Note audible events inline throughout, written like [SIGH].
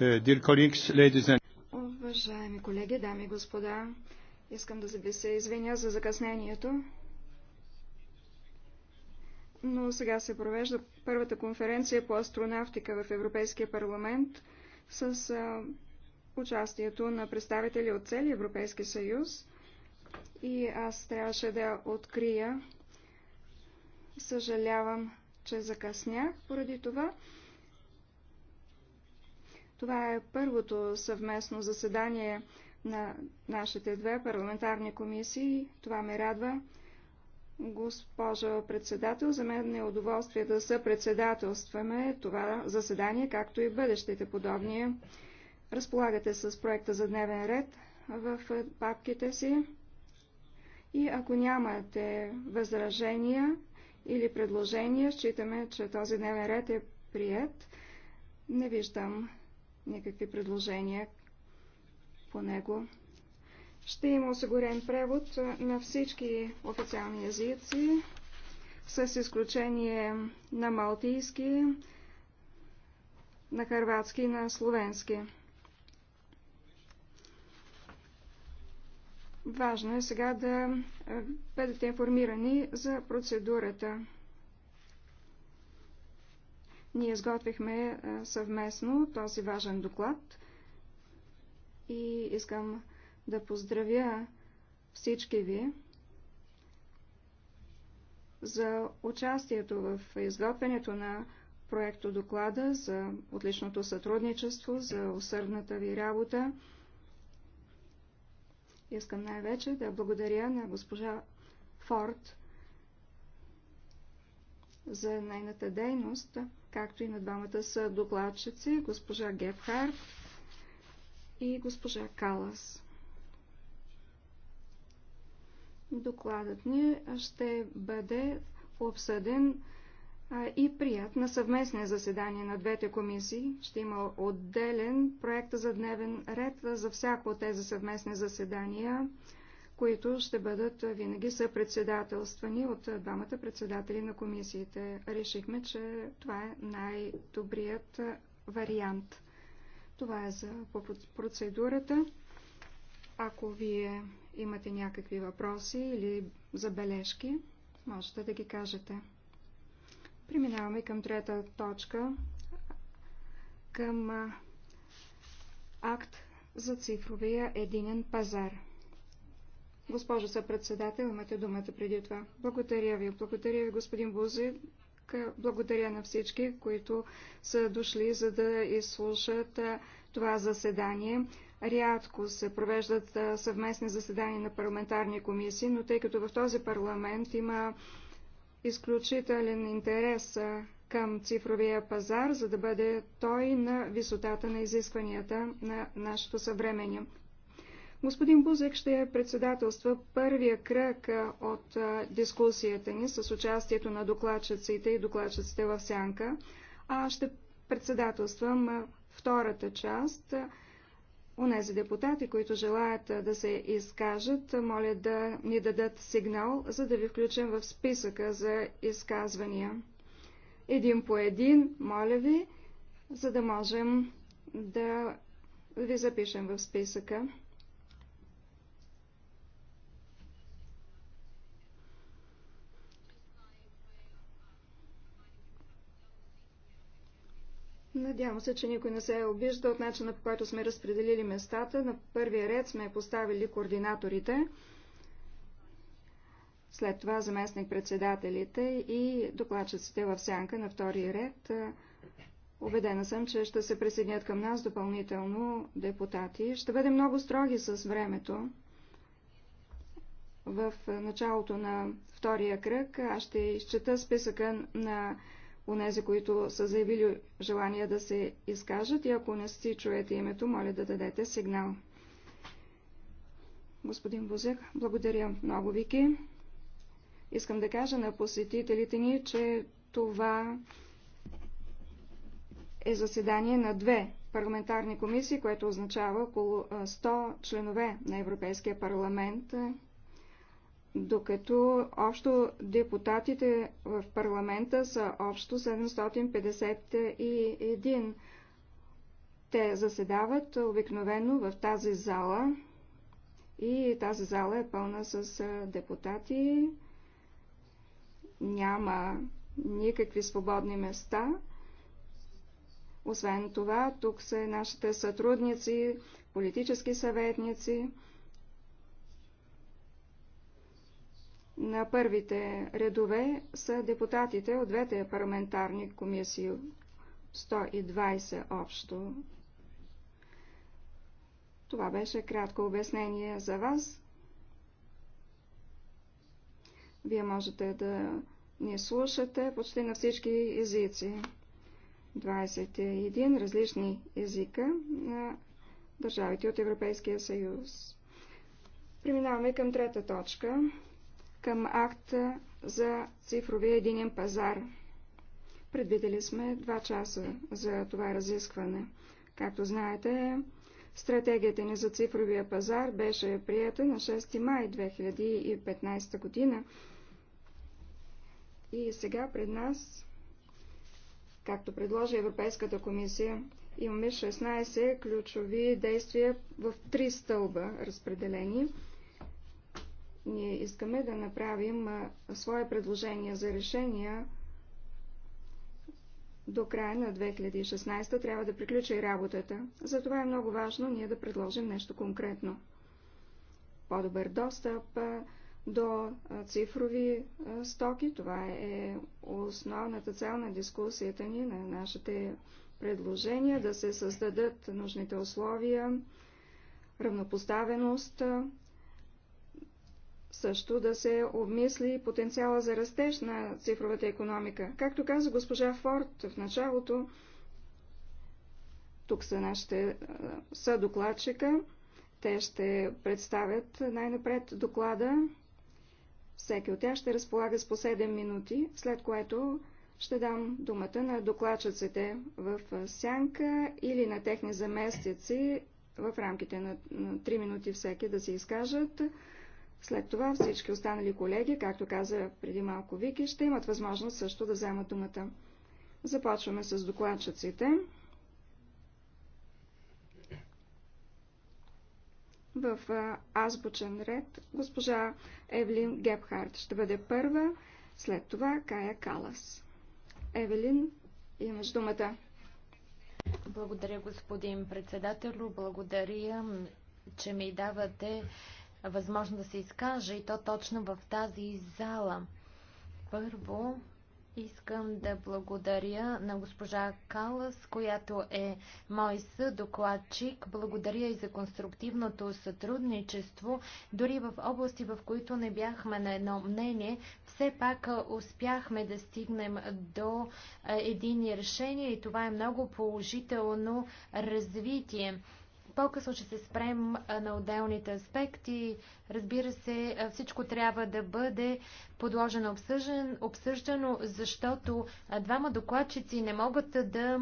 Uh, and... Уважаеми колеги, дами и господа, искам да ви се извиня за закъснението, но сега се провежда първата конференция по астронавтика в Европейския парламент с участието на представители от цели Европейски съюз и аз трябваше да открия. Съжалявам, че закъснях поради това. Това е първото съвместно заседание на нашите две парламентарни комисии. Това ме радва. госпожо председател, за мен е удоволствие да съпредседателстваме това заседание, както и бъдещите подобни. Разполагате с проекта за дневен ред в папките си. И ако нямате възражения или предложения, считаме, че този дневен ред е прият. Не виждам никакви предложения по него. Ще има осигурен превод на всички официални езици, с изключение на малтийски, на харватски и на словенски. Важно е сега да е, бъдете информирани за процедурата. Ние изготвихме е, съвместно този важен доклад и искам да поздравя всички ви за участието в изготвянето на проекто доклада, за отличното сътрудничество, за усърдната ви работа. Искам най-вече да благодаря на госпожа Форд за нейната дейност както и на двамата са докладчици, госпожа Гефхарт и госпожа Калас. Докладът ни ще бъде обсъден и прият на съвместни заседания на двете комисии. Ще има отделен проект за дневен ред за всяко от тези съвместни заседания които ще бъдат винаги съпредседателствани от двамата председатели на комисиите. Решихме, че това е най-добрият вариант. Това е за процедурата. Ако вие имате някакви въпроси или забележки, можете да ги кажете. Преминаваме към трета точка, към акт за цифровия единен пазар. Госпожо съпредседател, имате думата преди това. Благодаря ви. Благодаря ви, господин Бузи. Благодаря на всички, които са дошли, за да изслушат това заседание. Рядко се провеждат съвместни заседания на парламентарни комисии, но тъй като в този парламент има изключителен интерес към цифровия пазар, за да бъде той на висотата на изискванията на нашето съвремене. Господин Бузек ще председателства първия кръг от дискусията ни с участието на докладчиците и докладчиците в сянка, а ще председателствам втората част. Унези депутати, които желаят да се изкажат, моля да ни дадат сигнал, за да ви включим в списъка за изказвания. Един по един, моля ви, за да можем да ви запишем в списъка. Надявам се, че никой не се е обижда от начина по който сме разпределили местата. На първия ред сме поставили координаторите, след това заместник-председателите и докладчиците в сянка на втория ред. Обедена съм, че ще се присъединят към нас допълнително депутати. Ще бъдем много строги с времето. В началото на втория кръг аз ще изчета списъка на унези, които са заявили желание да се изкажат и ако не си чуете името, моля да дадете сигнал. Господин Бузек, благодаря много, Вики. Искам да кажа на посетителите ни, че това е заседание на две парламентарни комисии, което означава около 100 членове на Европейския парламент докато общо депутатите в парламента са общо 751. Те заседават обикновено в тази зала и тази зала е пълна с депутати. Няма никакви свободни места. Освен това, тук са нашите сътрудници, политически съветници, На първите редове са депутатите от двете парламентарни комисии, 120 общо. Това беше кратко обяснение за вас. Вие можете да ни слушате почти на всички езици. 21 различни езика на държавите от Европейския съюз. Преминаваме към трета точка към акта за цифровия единен пазар. Предвидели сме два часа за това разискване. Както знаете, стратегията ни за цифровия пазар беше прията на 6 май 2015 година. И сега пред нас, както предложи Европейската комисия, имаме 16 ключови действия в три стълба разпределени – ние искаме да направим свое предложение за решения до края на 2016 трябва да приключи работата. Затова е много важно ние да предложим нещо конкретно. По-добър достъп до цифрови стоки. Това е основната цел на дискусията ни, на нашите предложения, да се създадат нужните условия, равнопоставеност също да се обмисли потенциала за растеж на цифровата економика. Както каза госпожа Форд в началото, тук са нашите съдокладчика. докладчика. Те ще представят най-напред доклада. Всеки от тях ще разполага с по 7 минути, след което ще дам думата на докладчиците в сянка или на техни заместици в рамките на 3 минути всеки да се изкажат. След това всички останали колеги, както каза преди малко Вики, ще имат възможност също да вземат думата. Започваме с докладчиците. В азбучен ред госпожа Евелин Гепхард ще бъде първа, след това Кая Калас. Евелин, имаш думата. Благодаря, господин председател, Благодаря, че ми давате възможно да се изкажа и то точно в тази зала. Първо, Искам да благодаря на госпожа Калас, която е мой съдокладчик. Благодаря и за конструктивното сътрудничество. Дори в области, в които не бяхме на едно мнение, все пак успяхме да стигнем до едини решения и това е много положително развитие. По-късно ще се спрем на отделните аспекти. Разбира се, всичко трябва да бъде подложено обсъждано, обсъждано защото двама докладчици не могат да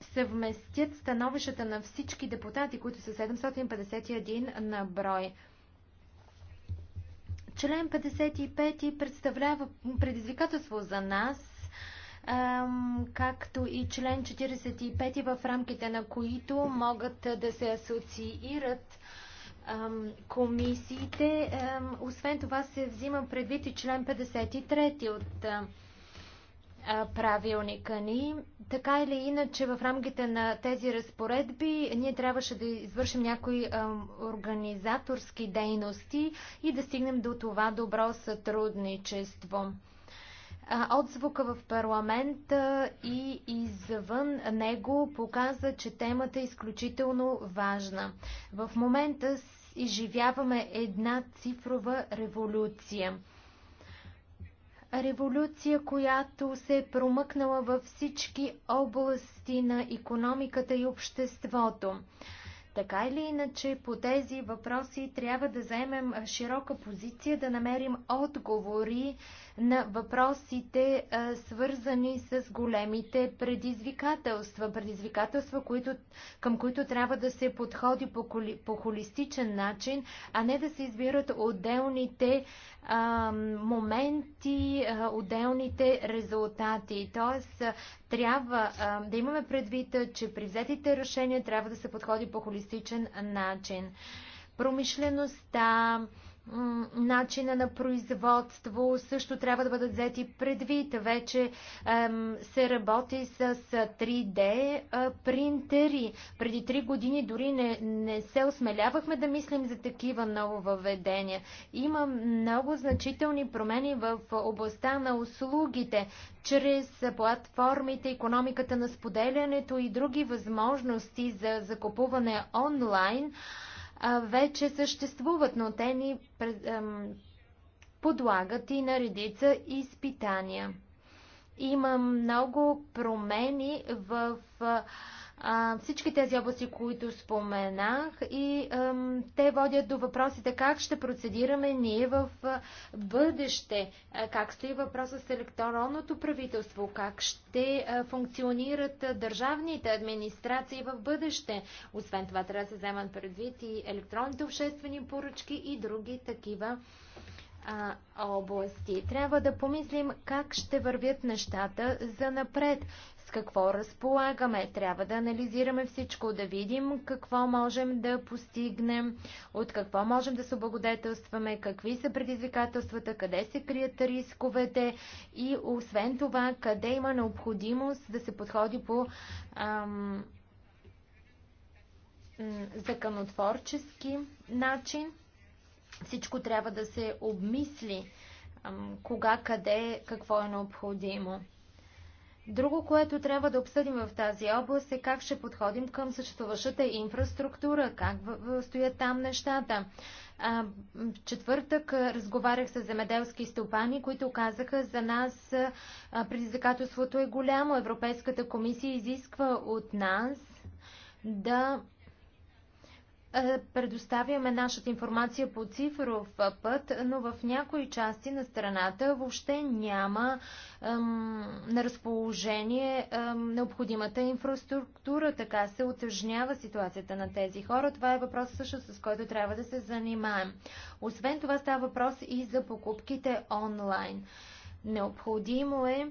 съвместят становищата на всички депутати, които са 751 на брой. Член 55 представлява предизвикателство за нас както и член 45 в рамките на които могат да се асоциират комисиите. Освен това се взима предвид и член 53 от правилника ни. Така или иначе, в рамките на тези разпоредби ние трябваше да извършим някои а, организаторски дейности и да стигнем до това добро сътрудничество. Отзвука в парламента и извън него показа, че темата е изключително важна. В момента изживяваме една цифрова революция. Революция, която се е промъкнала във всички области на економиката и обществото. Така или иначе, по тези въпроси трябва да заемем широка позиция, да намерим отговори на въпросите, свързани с големите предизвикателства. Предизвикателства, които, към които трябва да се подходи по, по холистичен начин, а не да се избират отделните моменти, отделните резултати. Тоест, трябва да имаме предвид, че при взетите решения трябва да се подходи по холистичен начин. Промишлеността, начина на производство също трябва да бъдат взети предвид. Вече ем, се работи с 3D е, принтери. Преди 3 години дори не, не се осмелявахме да мислим за такива въведения. Има много значителни промени в областта на услугите, чрез платформите, економиката на споделянето и други възможности за закупуване онлайн вече съществуват, но те ни подлагат и на редица изпитания. Има много промени в а, всички тези области, които споменах и те водят до въпросите как ще процедираме ние в бъдеще, а, как стои въпроса с електронното правителство, как ще а, функционират а, държавните администрации в бъдеще. Освен това трябва да се вземат предвид и електронните обществени поръчки и други такива а, области. Трябва да помислим как ще вървят нещата за напред, с какво разполагаме. Трябва да анализираме всичко, да видим какво можем да постигнем, от какво можем да се облагодетелстваме, какви са предизвикателствата, къде се крият рисковете и освен това къде има необходимост да се подходи по ам, законотворчески начин. Всичко трябва да се обмисли кога, къде, какво е необходимо. Друго, което трябва да обсъдим в тази област е как ще подходим към съществуващата инфраструктура, как стоят там нещата. в четвъртък разговарях с земеделски стопани, които казаха за нас предизвикателството е голямо. Европейската комисия изисква от нас да е, предоставяме нашата информация по цифров път, но в някои части на страната въобще няма ем, на разположение ем, необходимата инфраструктура. Така се отъжнява ситуацията на тези хора. Това е въпрос също с който трябва да се занимаем. Освен това става въпрос и за покупките онлайн. Необходимо е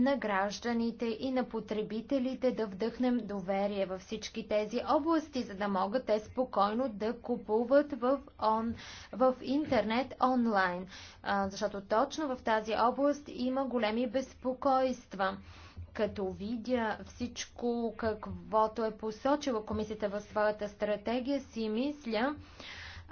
на гражданите и на потребителите да вдъхнем доверие във всички тези области, за да могат те спокойно да купуват в, он, в интернет онлайн. А, защото точно в тази област има големи безпокойства. Като видя всичко, каквото е посочила комисията в своята стратегия, си мисля,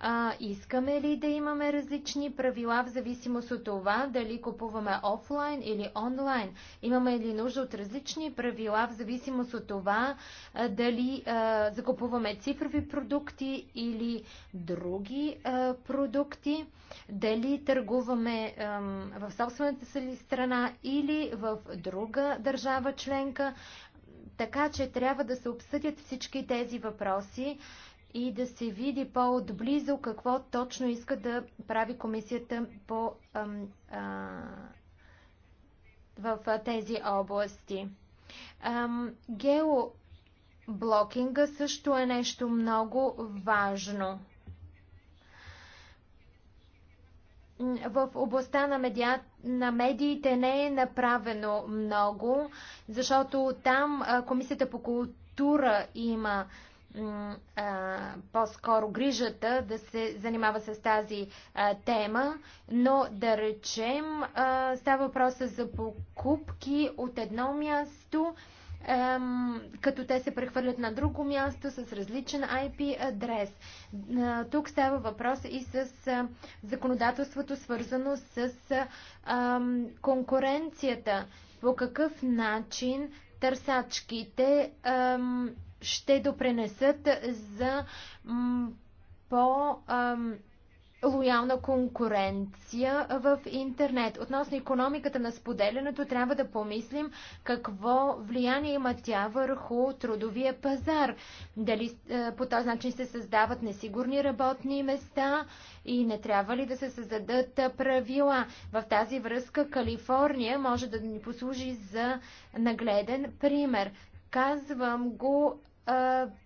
а, искаме ли да имаме различни правила в зависимост от това дали купуваме офлайн или онлайн? Имаме ли нужда от различни правила в зависимост от това а, дали а, закупуваме цифрови продукти или други а, продукти? Дали търгуваме а, в собствената си страна или в друга държава членка? Така че трябва да се обсъдят всички тези въпроси и да се види по-отблизо какво точно иска да прави комисията по, ам, а, в тези области. Ам, геоблокинга също е нещо много важно. в областта на, медиа, на медиите не е направено много, защото там Комисията по култура има по-скоро грижата да се занимава с тази а, тема, но да речем а, става въпроса за покупки от едно място, а, като те се прехвърлят на друго място с различен IP адрес. А, тук става въпрос и с а, законодателството свързано с а, конкуренцията. По какъв начин търсачките а, ще допренесат за по-лоялна конкуренция в интернет. Относно економиката на споделянето, трябва да помислим какво влияние има тя върху трудовия пазар. Дали е, по този начин се създават несигурни работни места и не трябва ли да се създадат правила. В тази връзка Калифорния може да ни послужи за нагледен пример. Казвам го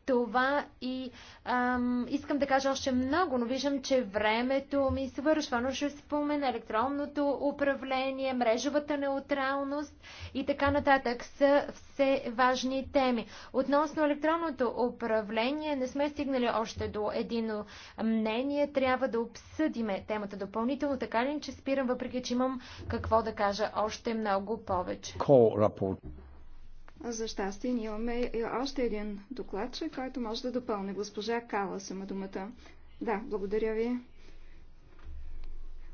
това и ам, искам да кажа още много, но виждам, че времето ми свършва, но ще спомена електронното управление, мрежовата неутралност и така нататък са все важни теми. Относно електронното управление не сме стигнали още до едино мнение, трябва да обсъдиме темата допълнително, така ли, че спирам, въпреки че имам какво да кажа още много повече. За щастие, ние имаме още един докладчик, който може да допълни. Госпожа Кала има думата. Да, благодаря ви.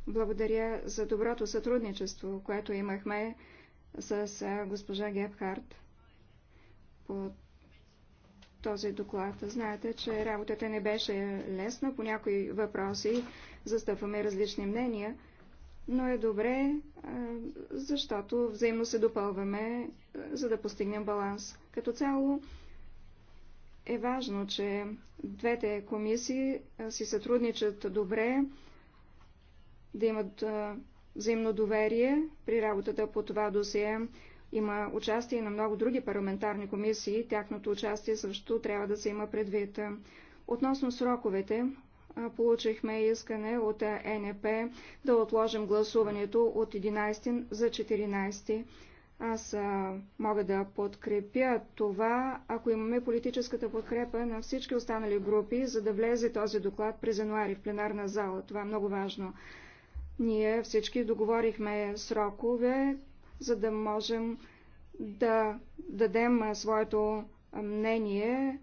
Благодаря за доброто сътрудничество, което имахме с госпожа Гебхарт по този доклад. Знаете, че работата не беше лесна. По някои въпроси застъпваме различни мнения но е добре, защото взаимно се допълваме, за да постигнем баланс. Като цяло е важно, че двете комисии си сътрудничат добре, да имат взаимно доверие при работата по това досие. Има участие на много други парламентарни комисии, тяхното участие също трябва да се има предвид. Относно сроковете, получихме искане от ЕНП да отложим гласуването от 11 за 14. Аз мога да подкрепя това, ако имаме политическата подкрепа на всички останали групи, за да влезе този доклад през януари в пленарна зала. Това е много важно. Ние всички договорихме срокове, за да можем да дадем своето мнение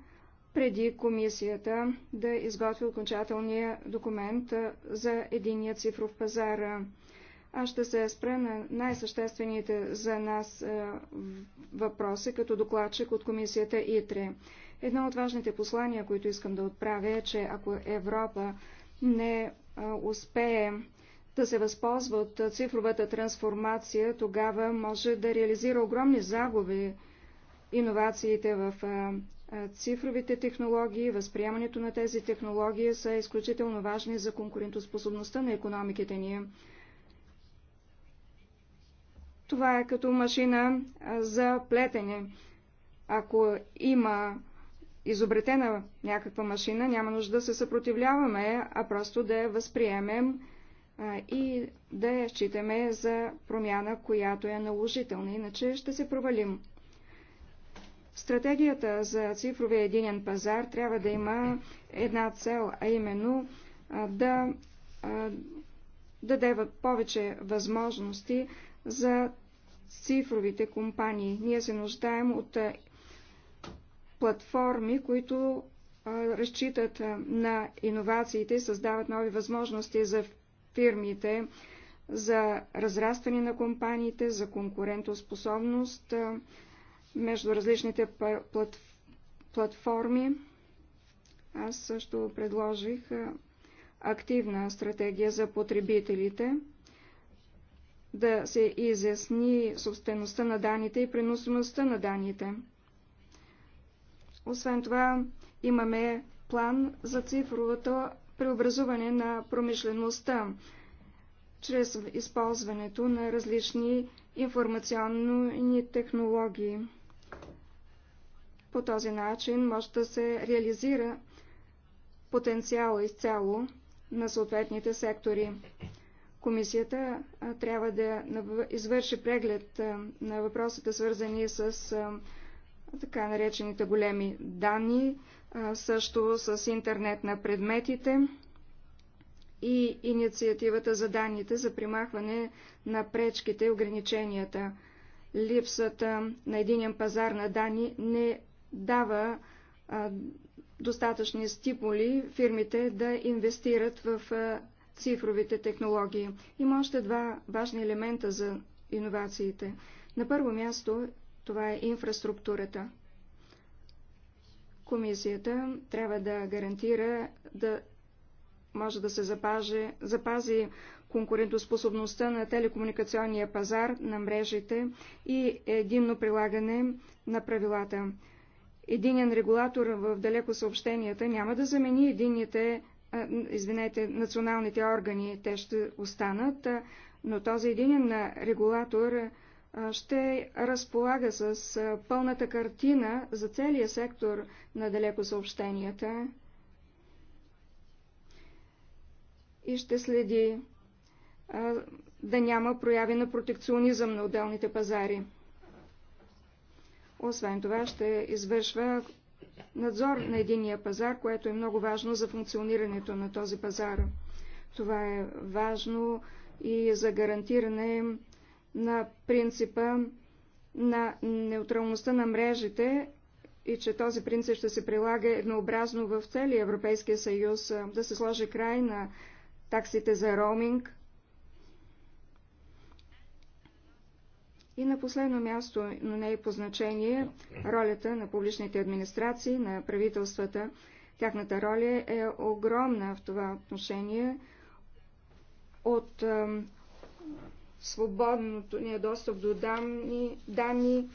преди комисията да изготви окончателния документ за единия цифров пазар. Аз ще се спра на най-съществените за нас въпроси като докладчик от комисията ИТРЕ. Едно от важните послания, които искам да отправя е, че ако Европа не успее да се възползва от цифровата трансформация, тогава може да реализира огромни загуби. Иновациите в е, цифровите технологии, възприемането на тези технологии са изключително важни за конкурентоспособността на економиките ни. Това е като машина е, за плетене. Ако има изобретена някаква машина, няма нужда да се съпротивляваме, а просто да я възприемем е, и да я считаме за промяна, която е наложителна, иначе ще се провалим. Стратегията за цифровия единен пазар трябва да има една цел, а именно да даде повече възможности за цифровите компании. Ние се нуждаем от платформи, които разчитат на иновациите създават нови възможности за фирмите, за разрастване на компаниите, за конкурентоспособност, между различните платформи. Аз също предложих активна стратегия за потребителите, да се изясни собствеността на данните и преносимостта на данните. Освен това, имаме план за цифровото преобразуване на промишлеността чрез използването на различни информационни технологии. По този начин може да се реализира потенциала изцяло на съответните сектори. Комисията трябва да извърши преглед на въпросите, свързани с така наречените големи данни, също с интернет на предметите и инициативата за данните за примахване на пречките и ограниченията. Липсата на единен пазар на данни не дава достатъчни стимули фирмите да инвестират в цифровите технологии. Има още два важни елемента за иновациите. На първо място това е инфраструктурата. Комисията трябва да гарантира да може да се запази, запази конкурентоспособността на телекомуникационния пазар, на мрежите и единно прилагане на правилата единен регулатор в далеко съобщенията няма да замени единните, извинете, националните органи, те ще останат, но този единен регулатор ще разполага с пълната картина за целия сектор на далеко съобщенията и ще следи да няма прояви на протекционизъм на отделните пазари. Освен това ще извършва надзор на единия пазар, което е много важно за функционирането на този пазар. Това е важно и за гарантиране на принципа на неутралността на мрежите и че този принцип ще се прилага еднообразно в целия Европейския съюз, да се сложи край на таксите за роуминг, И на последно място, но не и е по значение, ролята на публичните администрации, на правителствата. Тяхната роля е огромна в това отношение от е, свободното ни е достъп до данни, данни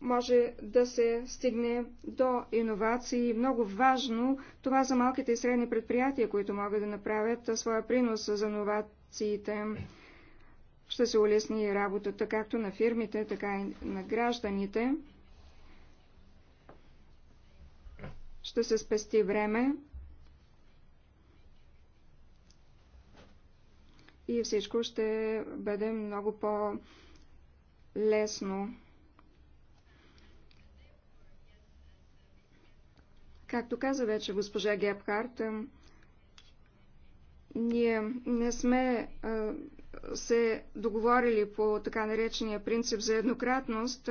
може да се стигне до иновации. Много важно това за малките и средни предприятия, които могат да направят своя принос за иновациите ще се улесни работата както на фирмите, така и на гражданите. Ще се спести време и всичко ще бъде много по-лесно. Както каза вече госпожа Гепхарт, ние не сме се договорили по така наречения принцип за еднократност,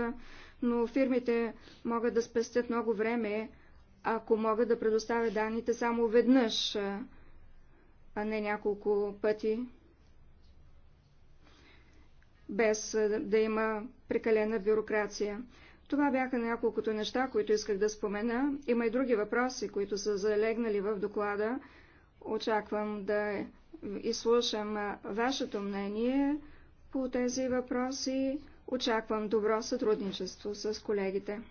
но фирмите могат да спестят много време, ако могат да предоставят данните само веднъж, а не няколко пъти, без да има прекалена бюрокрация. Това бяха няколкото неща, които исках да спомена. Има и други въпроси, които са залегнали в доклада. Очаквам да е изслушам вашето мнение по тези въпроси. Очаквам добро сътрудничество с колегите.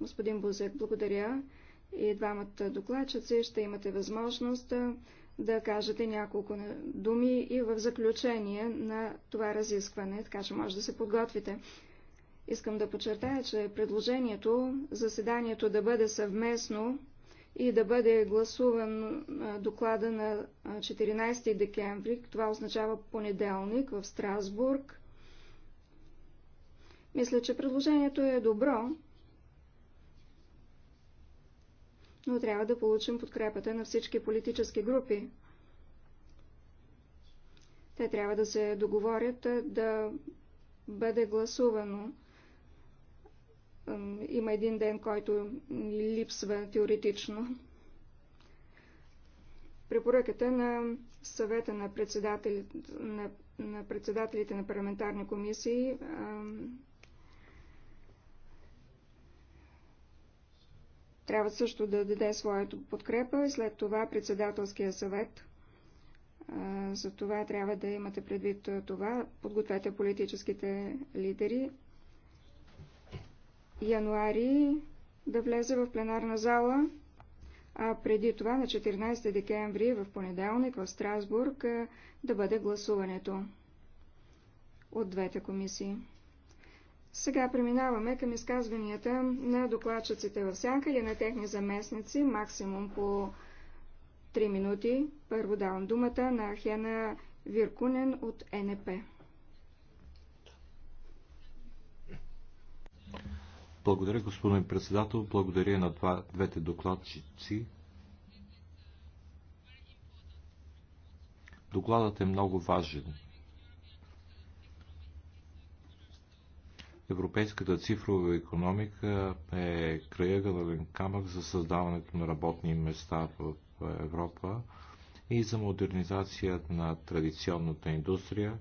Господин Бузек, благодаря. И двамата докладчици ще имате възможност да кажете няколко думи и в заключение на това разискване, така че може да се подготвите. Искам да подчертая, че предложението заседанието да бъде съвместно и да бъде гласуван доклада на 14 декември, това означава понеделник в Страсбург. Мисля, че предложението е добро, но трябва да получим подкрепата на всички политически групи. Те трябва да се договорят да бъде гласувано има един ден, който липсва теоретично. Препоръката на съвета на, председател, на, на председателите на парламентарни комисии а, трябва също да даде своето подкрепа и след това председателския съвет. За това трябва да имате предвид това. Подгответе политическите лидери януари да влезе в пленарна зала, а преди това на 14 декември в понеделник в Страсбург да бъде гласуването от двете комисии. Сега преминаваме към изказванията на докладчиците в сянка или на техни заместници, максимум по 3 минути. Първо давам думата на Хена Виркунен от НП. Благодаря, господин председател. Благодаря на два, двете докладчици. Докладът е много важен. Европейската цифрова економика е краягълен камък за създаването на работни места в Европа и за модернизация на традиционната индустрия,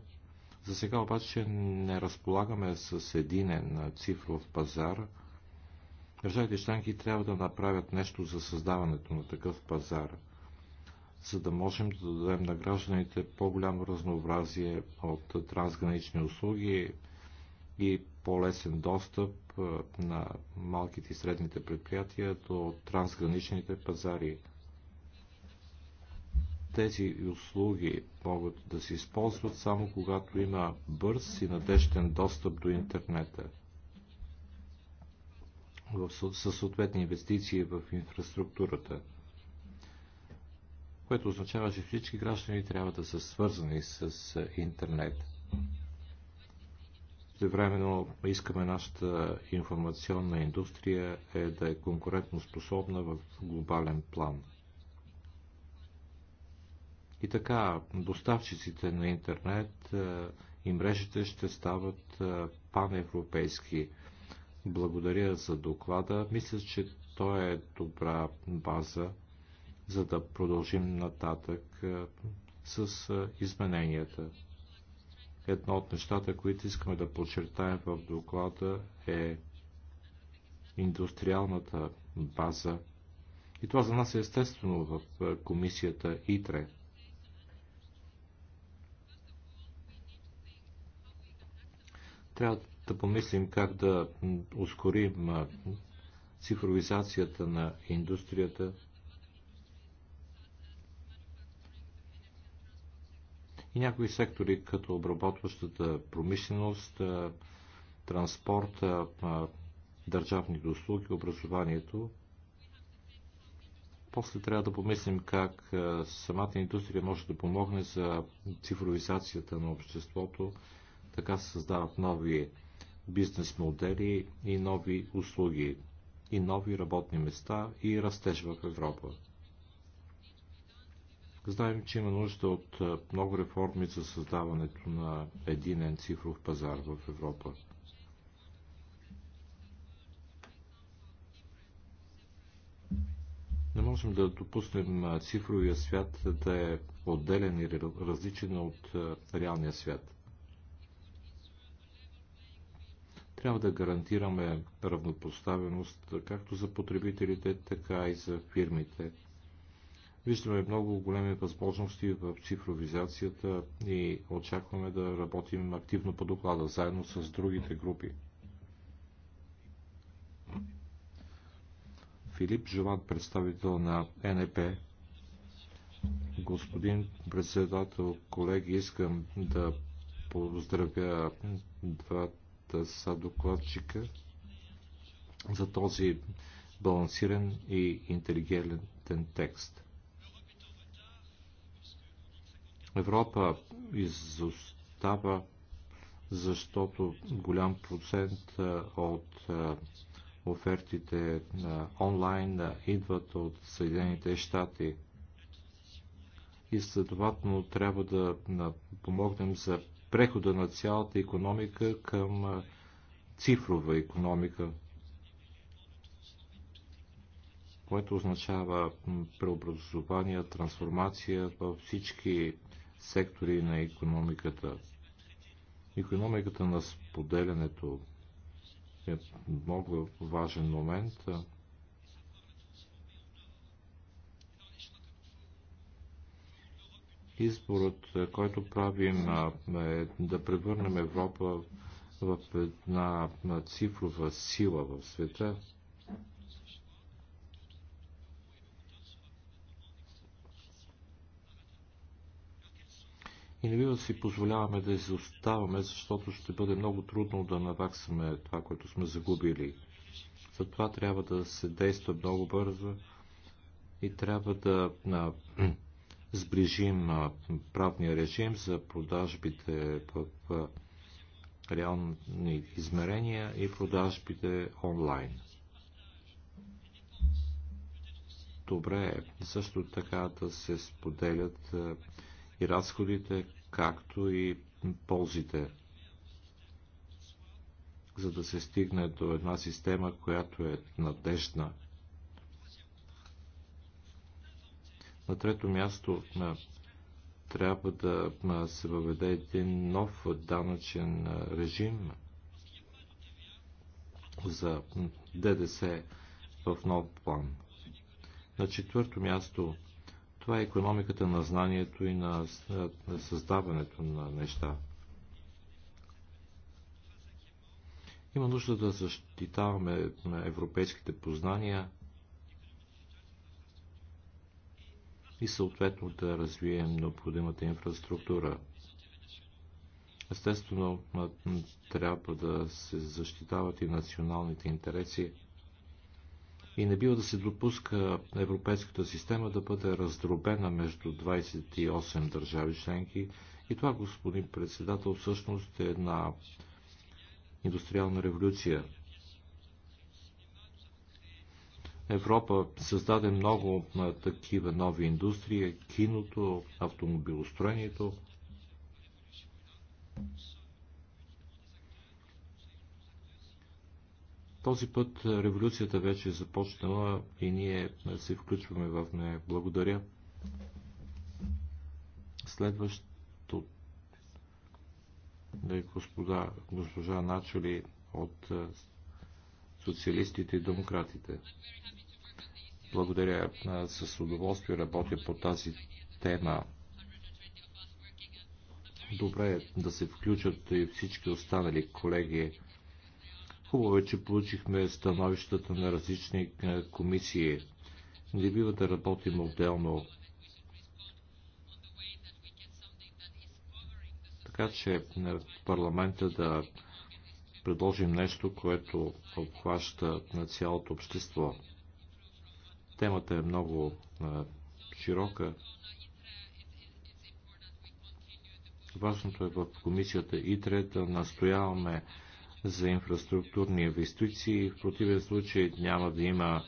за сега обаче не разполагаме с единен цифров пазар. Държавите членки трябва да направят нещо за създаването на такъв пазар, за да можем да дадем на гражданите по-голямо разнообразие от трансгранични услуги и по-лесен достъп на малките и средните предприятия до трансграничните пазари – тези услуги могат да се използват само когато има бърз и надежден достъп до интернета. Със съответни инвестиции в инфраструктурата. Което означава, че всички граждани трябва да са свързани с интернет. Времено искаме нашата информационна индустрия е да е конкурентно способна в глобален план – и така, доставчиците на интернет е, и мрежите ще стават е, паневропейски. Благодаря за доклада. Мисля, че той е добра база, за да продължим нататък е, с измененията. Едно от нещата, които искаме да подчертаем в доклада е индустриалната база. И това за нас е естествено в комисията ИТРЕ. Трябва да помислим как да ускорим цифровизацията на индустрията. И някои сектори, като обработващата промишленост, транспорт, държавните услуги, образованието. После трябва да помислим как самата индустрия може да помогне за цифровизацията на обществото така се създават нови бизнес модели и нови услуги, и нови работни места и растеж в Европа. Знаем, че има нужда от много реформи за създаването на единен цифров пазар в Европа. Не можем да допуснем цифровия свят да е отделен и различен от реалния свят. Трябва да гарантираме равнопоставеност както за потребителите, така и за фирмите. Виждаме много големи възможности в цифровизацията и очакваме да работим активно по доклада, заедно с другите групи. Филип Живан, представител на НП. Е Господин председател, колеги, искам да поздравя два с докладчика за този балансиран и интелигентен текст. Европа изостава, защото голям процент от офертите онлайн идват от Съединените щати. И следователно трябва да помогнем за прехода на цялата економика към цифрова економика, което означава преобразование, трансформация във всички сектори на економиката. Економиката на споделянето е много важен момент. изборът, който правим е да превърнем Европа в една цифрова сила в света. И не бива да си позволяваме да изоставаме, защото ще бъде много трудно да наваксаме това, което сме загубили. Затова трябва да се действа много бързо и трябва да сближим правния режим за продажбите в реални измерения и продажбите онлайн. Добре е също така да се споделят и разходите, както и ползите, за да се стигне до една система, която е надежна На трето място трябва да се въведе един нов данъчен режим за ДДС в нов план. На четвърто място това е економиката на знанието и на създаването на неща. Има нужда да защитаваме европейските познания – и съответно да развием необходимата инфраструктура. Естествено, трябва да се защитават и националните интереси и не бива да се допуска европейската система да бъде раздробена между 28 държави членки. И това, господин председател, всъщност е една индустриална революция – Европа създаде много на такива нови индустрии, киното, автомобилостроението. Този път революцията вече е започнала и ние се включваме в нея. Благодаря. Следващото е господа, госпожа Начали от социалистите и демократите. Благодаря. С удоволствие работя по тази тема. Добре е да се включат и всички останали колеги. Хубаво е, че получихме становищата на различни комисии. Не бива да работим отделно. Така че парламента да предложим нещо, което обхваща на цялото общество. Темата е много а, широка. Важното е в комисията ИТРЕ да настояваме за инфраструктурни инвестиции. В противен случай няма да има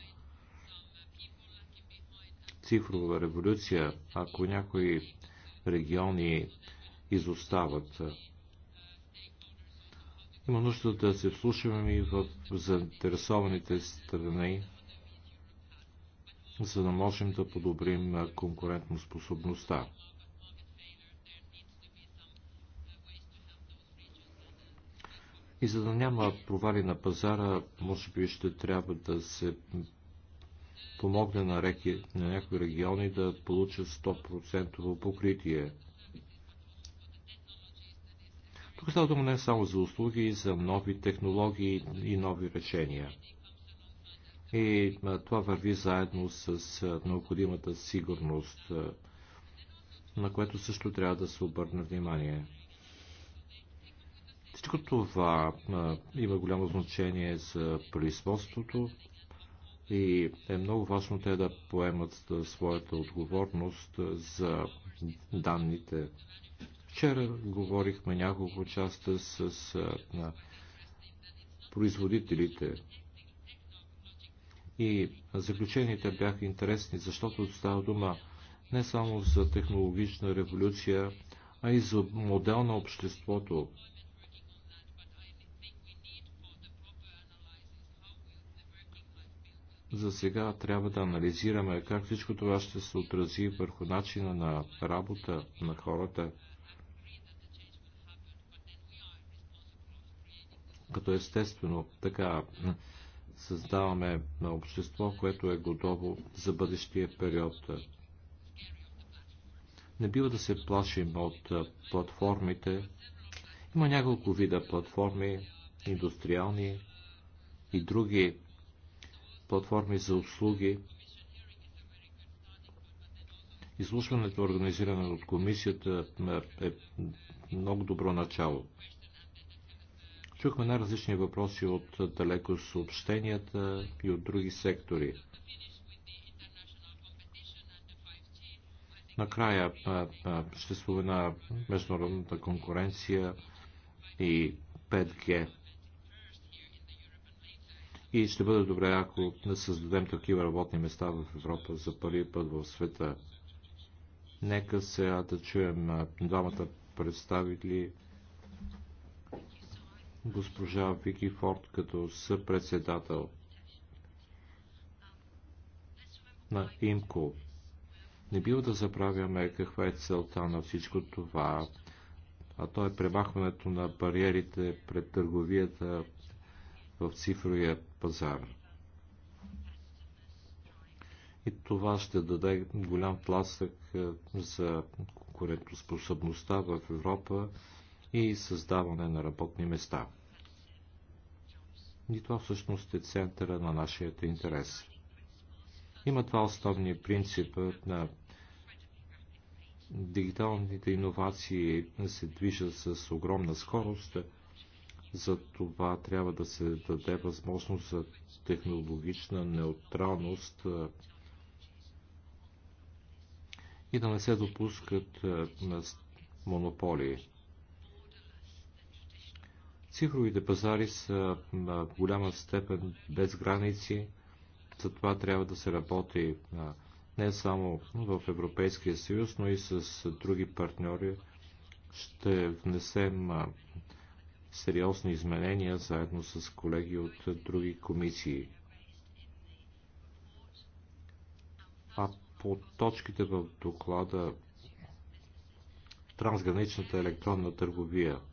цифрова революция, ако някои региони изостават. Има нужда да се вслушваме и в заинтересованите страни, за да можем да подобрим конкурентно способността. И за да няма провали на пазара, може би ще трябва да се помогне на, реки, на някои региони да получат 100% покритие. Тук става дума не само за услуги, за нови технологии и нови решения. И това върви заедно с необходимата сигурност, на което също трябва да се обърне внимание. Всичко това има голямо значение за производството и е много важно те да поемат своята отговорност за данните. Вчера говорихме няколко часа с на производителите и заключенията бяха интересни, защото става дума не само за технологична революция, а и за модел на обществото. За сега трябва да анализираме как всичко това ще се отрази върху начина на работа на хората. като естествено така създаваме на общество, което е готово за бъдещия период. Не бива да се плашим от платформите. Има няколко вида платформи, индустриални и други платформи за услуги. Изслушването, организирано от комисията, е много добро начало. Чухме най-различни въпроси от далеко съобщенията и от други сектори. Накрая ще спомена международната конкуренция и 5G. И ще бъде добре, ако не създадем такива работни места в Европа за първи път в света. Нека сега да чуем двамата представители госпожа Вики Форд като съпредседател на ИМКО. Не бива да забравяме каква е целта на всичко това, а то е премахването на бариерите пред търговията в цифровия пазар. И това ще даде голям тласък е, за конкурентоспособността в Европа и създаване на работни места. И това всъщност е центъра на нашия интерес. Има два основни принципа на дигиталните иновации се движат с огромна скорост, за това трябва да се даде възможност за технологична неутралност и да не се допускат монополии. Цифровите пазари са в голяма степен без граници, затова трябва да се работи не само в Европейския съюз, но и с други партньори. Ще внесем сериозни изменения заедно с колеги от други комисии. А по точките в доклада трансграничната електронна търговия –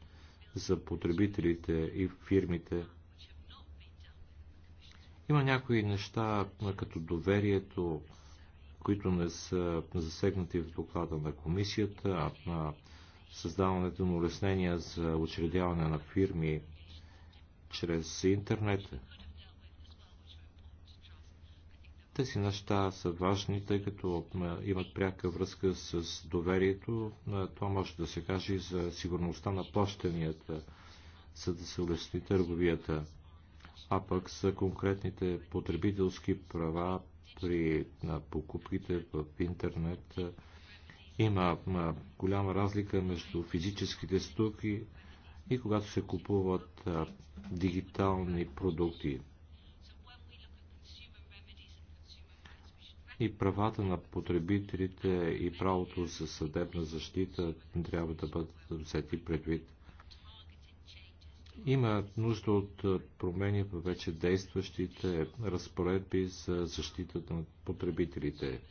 за потребителите и фирмите. Има някои неща, като доверието, които не са засегнати в доклада на комисията, а на създаването на улеснения за учредяване на фирми чрез интернет. Тези неща са важни, тъй като имат пряка връзка с доверието. Това може да се каже и за сигурността на плащанията, за да се улесни търговията. А пък са конкретните потребителски права при на покупките в интернет е, има голяма разлика между физическите стоки и когато се купуват е, дигитални продукти. и правата на потребителите и правото за съдебна защита трябва да бъдат взети предвид. Има нужда от промени в вече действащите разпоредби за защитата на потребителите.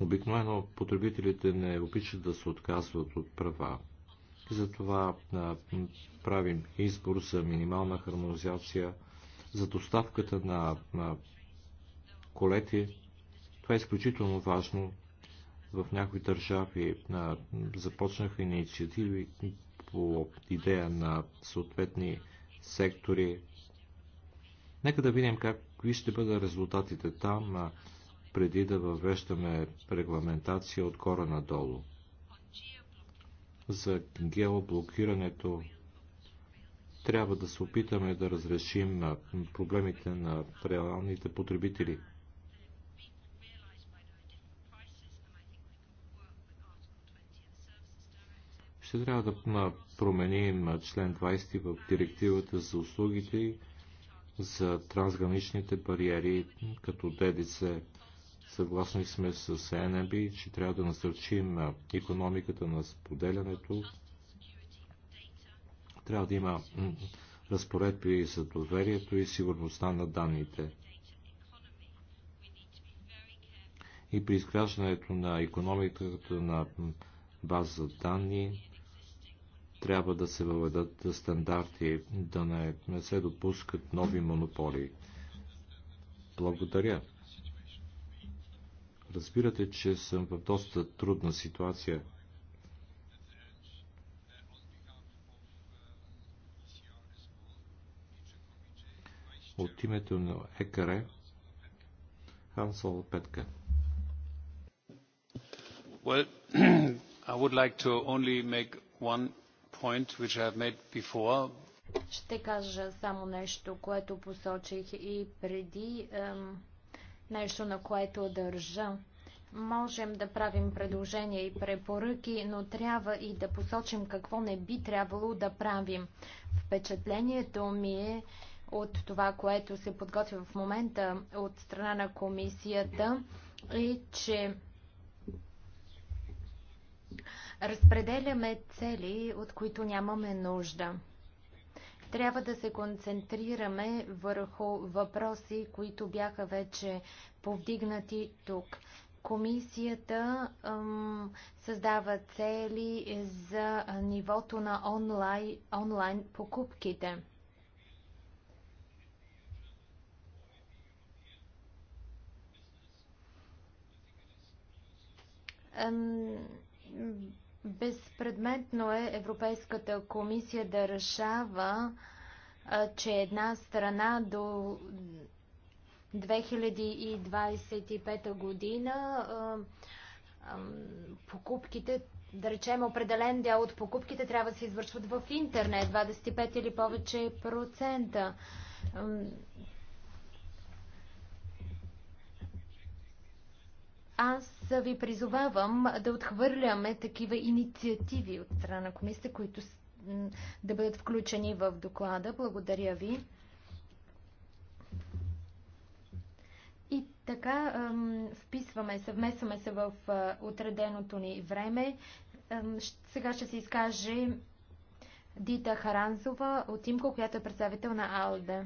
Обикновено потребителите не обичат да се отказват от права. Затова правим избор за минимална хармонизация за доставката на, на колети. Това е изключително важно. В някои държави на, започнаха инициативи по идея на съответни сектори. Нека да видим какви ще бъдат резултатите там, преди да въвеждаме регламентация отгоре надолу за геоблокирането. Трябва да се опитаме да разрешим проблемите на реалните потребители. ще трябва да променим член 20 в директивата за услугите за трансграничните бариери, като ДДС. Съгласни сме с ЕНБ, че трябва да насърчим економиката на споделянето. Трябва да има разпоредби за доверието и сигурността на данните. И при изграждането на економиката на база данни трябва да се въведат стандарти, да не, се допускат нови монополи. Благодаря. Разбирате, че съм в доста трудна ситуация. От името на ЕКАРЕ Хансол Петка. Well, [CLEARS THROAT] I would like to only make one point which I have made before. Ще кажа само нещо, което посочих и преди. Um нещо, на което държа. Можем да правим предложения и препоръки, но трябва и да посочим какво не би трябвало да правим. Впечатлението ми е от това, което се подготвя в момента от страна на комисията, е, че разпределяме цели, от които нямаме нужда. Трябва да се концентрираме върху въпроси, които бяха вече повдигнати тук. Комисията ъм, създава цели за нивото на онлайн, онлайн покупките. Ъм, Безпредметно е Европейската комисия да решава, че една страна до 2025 година покупките, да речем определен дял от покупките трябва да се извършват в интернет, 25 или повече процента. Аз ви призовавам да отхвърляме такива инициативи от страна на комисията, които да бъдат включени в доклада. Благодаря ви. И така вписваме се, се в отреденото ни време. Сега ще се изкаже Дита Харанзова от Имко, която е представител на АЛДЕ.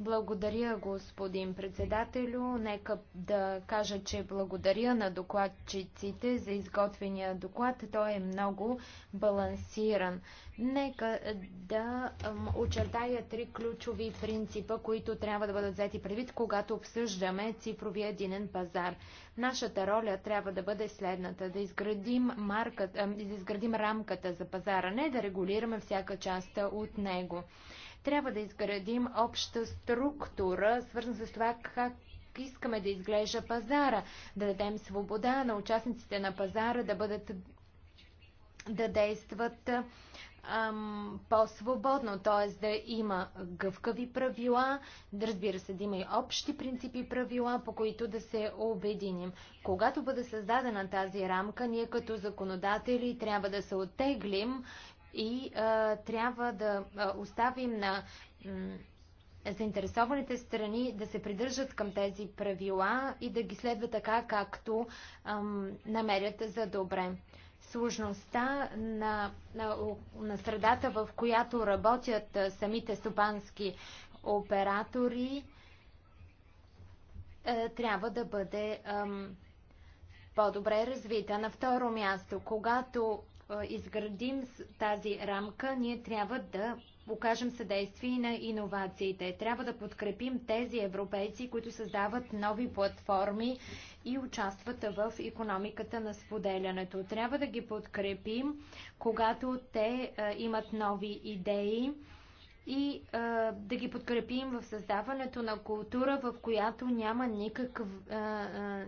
Благодаря, господин председателю. Нека да кажа, че благодаря на докладчиците за изготвения доклад. Той е много балансиран. Нека е, да очертая три ключови принципа, които трябва да бъдат взети предвид, когато обсъждаме цифровия единен пазар. Нашата роля трябва да бъде следната. Да изградим, марката, да изградим рамката за пазара, не да регулираме всяка част от него. Трябва да изградим обща структура, свързана с това как искаме да изглежда пазара, да дадем свобода на участниците на пазара да бъдат да действат по-свободно, т.е. да има гъвкави правила, да разбира се да има и общи принципи правила, по които да се обединим. Когато бъде създадена тази рамка, ние като законодатели трябва да се отеглим и а, трябва да оставим на заинтересованите страни да се придържат към тези правила и да ги следва така, както ам, намерят за добре. Сложността на, на, на средата, в която работят самите стопански оператори, е, трябва да бъде ам, по-добре развита. На второ място, когато изградим тази рамка, ние трябва да окажем съдействие на иновациите. Трябва да подкрепим тези европейци, които създават нови платформи и участват в економиката на споделянето. Трябва да ги подкрепим, когато те а, имат нови идеи и а, да ги подкрепим в създаването на култура, в която няма никакъв, а, а,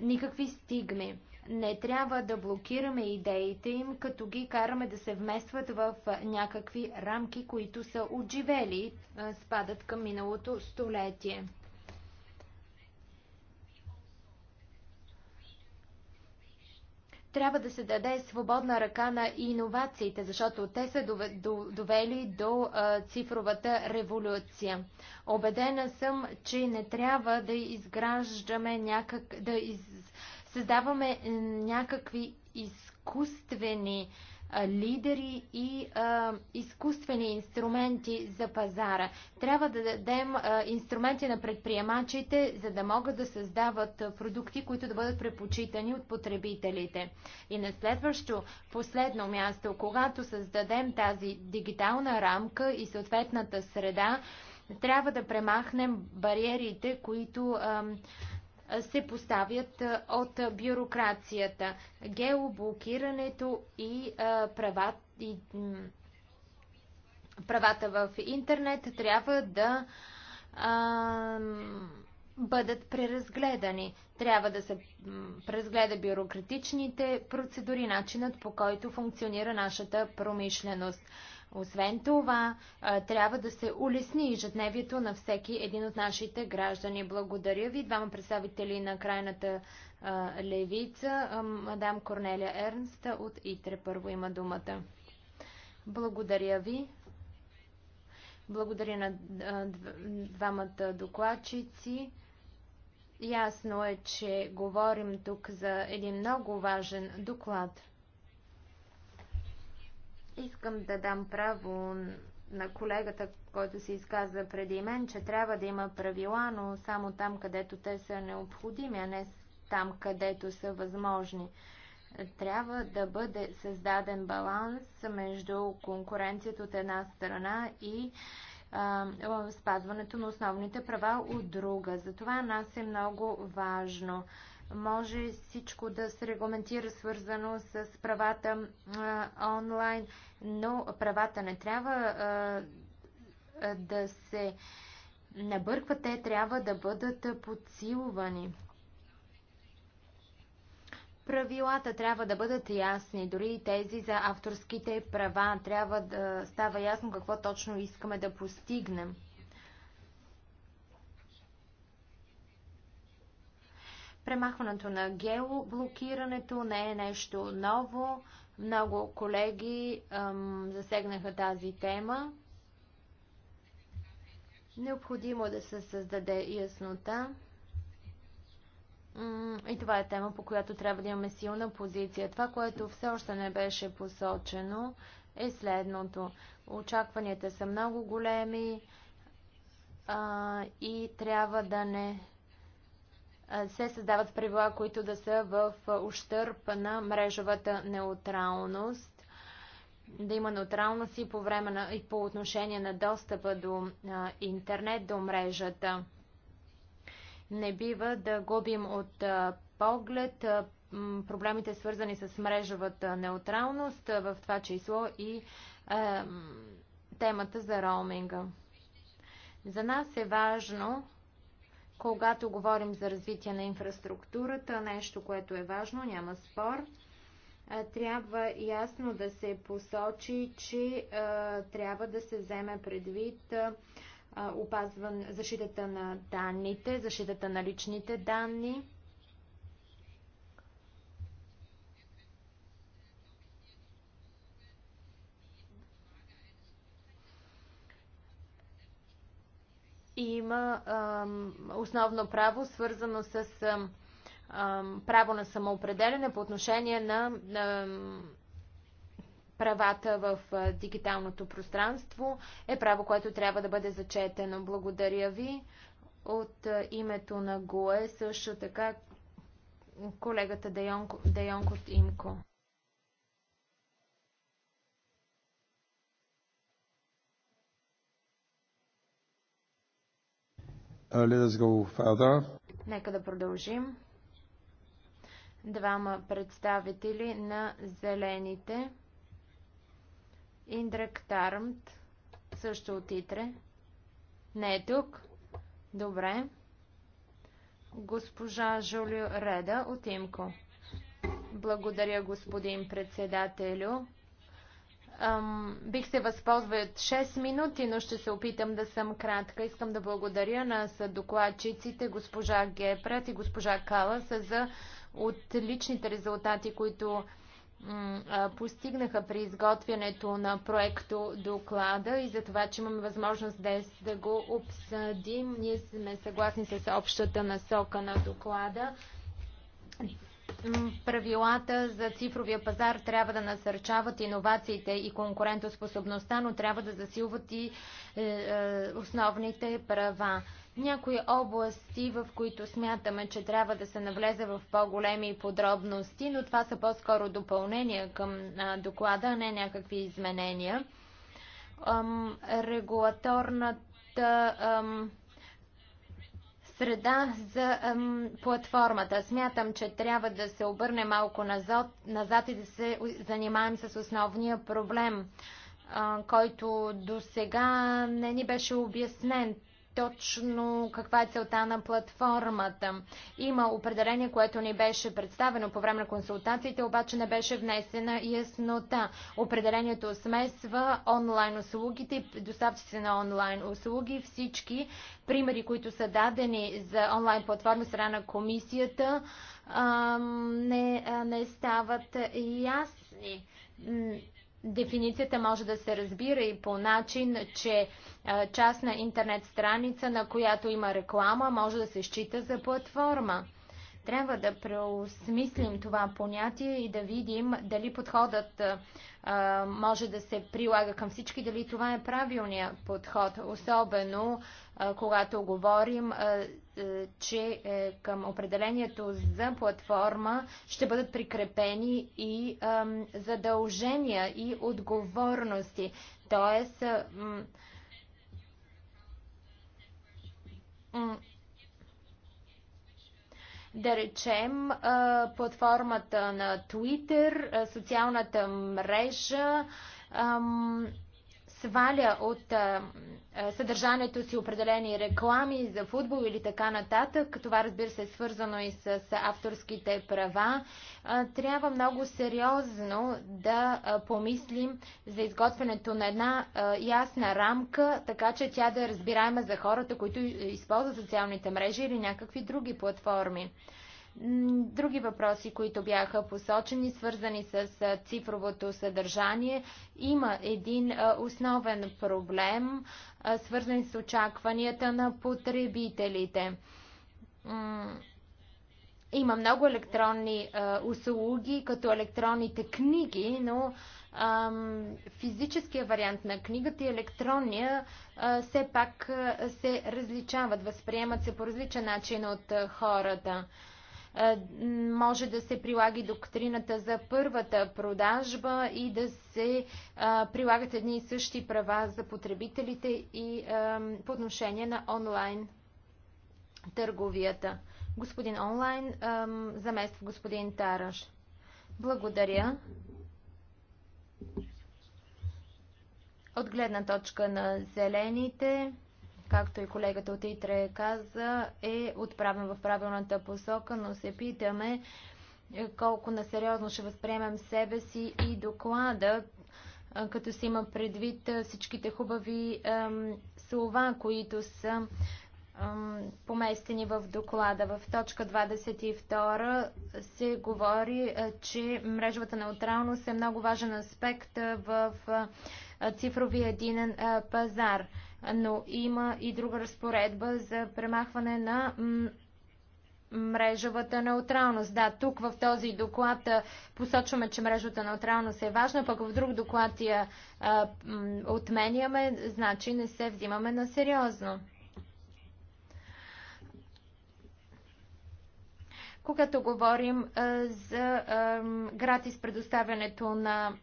никакви стигми не трябва да блокираме идеите им, като ги караме да се вместват в някакви рамки, които са отживели, спадат към миналото столетие. Трябва да се даде свободна ръка на иновациите, защото те са довели до цифровата революция. Обедена съм, че не трябва да изграждаме някак... Да из създаваме е, някакви изкуствени лидери и а, изкуствени инструменти за пазара. Трябва да дадем а, инструменти на предприемачите, за да могат да създават продукти, които да бъдат препочитани от потребителите. И на следващо, последно място, когато създадем тази дигитална рамка и съответната среда, трябва да премахнем бариерите, които а, се поставят от бюрокрацията. Геоблокирането и правата в интернет трябва да бъдат преразгледани. Трябва да се преразгледа бюрократичните процедури, начинът по който функционира нашата промишленост. Освен това, трябва да се улесни ежедневието на всеки един от нашите граждани. Благодаря ви, двама представители на крайната левица, мадам Корнелия Ернст от ИТРЕ. Първо има думата. Благодаря ви. Благодаря на двамата докладчици. Ясно е, че говорим тук за един много важен доклад – Искам да дам право на колегата, който се изказа преди мен, че трябва да има правила, но само там, където те са необходими, а не там, където са възможни. Трябва да бъде създаден баланс между конкуренцията от една страна и а, спазването на основните права от друга. Затова нас е много важно може всичко да се регламентира свързано с правата а, онлайн, но правата не трябва а, да се набъркват, те трябва да бъдат подсилвани. Правилата трябва да бъдат ясни, дори и тези за авторските права. Трябва да става ясно какво точно искаме да постигнем. Премахването на геоблокирането не е нещо ново. Много колеги ам, засегнаха тази тема. Необходимо е да се създаде яснота. И това е тема, по която трябва да имаме силна позиция. Това, което все още не беше посочено, е следното. Очакванията са много големи а, и трябва да не се създават правила, които да са в ущърп на мрежовата неутралност да има неутралност и по, време на, и по отношение на достъпа до а, интернет, до мрежата. Не бива да губим от а, поглед а, проблемите свързани с мрежовата неутралност, а, в това число и а, темата за роуминга. За нас е важно когато говорим за развитие на инфраструктурата, нещо, което е важно, няма спор, трябва ясно да се посочи, че трябва да се вземе предвид опазване, защитата на данните, защитата на личните данни има основно право, свързано с право на самоопределене по отношение на правата в дигиталното пространство е право, което трябва да бъде зачетено. Благодаря ви от името на ГОЕ, също така колегата Дейонко, Дайонко ИМКО. Uh, let us go further. Нека да продължим. Двама представители на зелените. Индрак Тармт, също от Итре. Не е тук. Добре. Госпожа Жулио Реда от Имко. Благодаря, господин председателю бих се възползвал от 6 минути, но ще се опитам да съм кратка. Искам да благодаря на съдокладчиците госпожа Гепрат и госпожа Калас за отличните резултати, които постигнаха при изготвянето на проекто доклада и за това, че имаме възможност днес да го обсъдим. Ние сме съгласни с общата насока на доклада. Правилата за цифровия пазар трябва да насърчават иновациите и конкурентоспособността, но трябва да засилват и е, е, основните права. Някои области, в които смятаме, че трябва да се навлезе в по-големи подробности, но това са по-скоро допълнения към доклада, а не някакви изменения. Регулаторната среда за ем, платформата. Смятам, че трябва да се обърне малко назад, назад и да се занимаем с основния проблем, който до сега не ни беше обяснен точно каква е целта на платформата. Има определение, което ни беше представено по време на консултациите, обаче не беше внесена яснота. Определението смесва онлайн услугите, доставчиците на онлайн услуги, всички примери, които са дадени за онлайн платформи страна на комисията, не, не стават ясни. Дефиницията може да се разбира и по начин, че частна интернет страница, на която има реклама, може да се счита за платформа. Трябва да преосмислим това понятие и да видим дали подходът може да се прилага към всички, дали това е правилният подход, особено когато говорим, че е, към определението за платформа ще бъдат прикрепени и задължения и отговорности. Тоест, да речем, платформата на Twitter, социалната мрежа, сваля от а, съдържанието си определени реклами за футбол или така нататък. Това разбира се е свързано и с авторските права. А, трябва много сериозно да помислим за изготвянето на една а, ясна рамка, така че тя да е разбираема за хората, които използват социалните мрежи или някакви други платформи. Други въпроси, които бяха посочени, свързани с цифровото съдържание, има един основен проблем, свързан с очакванията на потребителите. Има много електронни услуги, като електронните книги, но физическия вариант на книгата и електронния все пак се различават, възприемат се по различен начин от хората. Е, може да се прилага доктрината за първата продажба и да се е, прилагат едни и същи права за потребителите и е, по отношение на онлайн търговията. Господин онлайн замества господин Тараш. Благодаря. От гледна точка на зелените, както и колегата от ИТРЕ каза, е отправен в правилната посока, но се питаме е, колко насериозно ще възприемем себе си и доклада, е, като се има предвид е, всичките хубави ем, слова, които са ем, поместени в доклада. В точка 22 се говори, че мрежовата неутралност е много важен аспект в цифровия единен пазар но има и друга разпоредба за премахване на мрежовата неутралност. Да, тук в този доклад посочваме, че мрежовата неутралност е важна, пък в друг доклад я а, отменяме, значи не се взимаме на сериозно. Когато говорим а, за а, гратис предоставянето на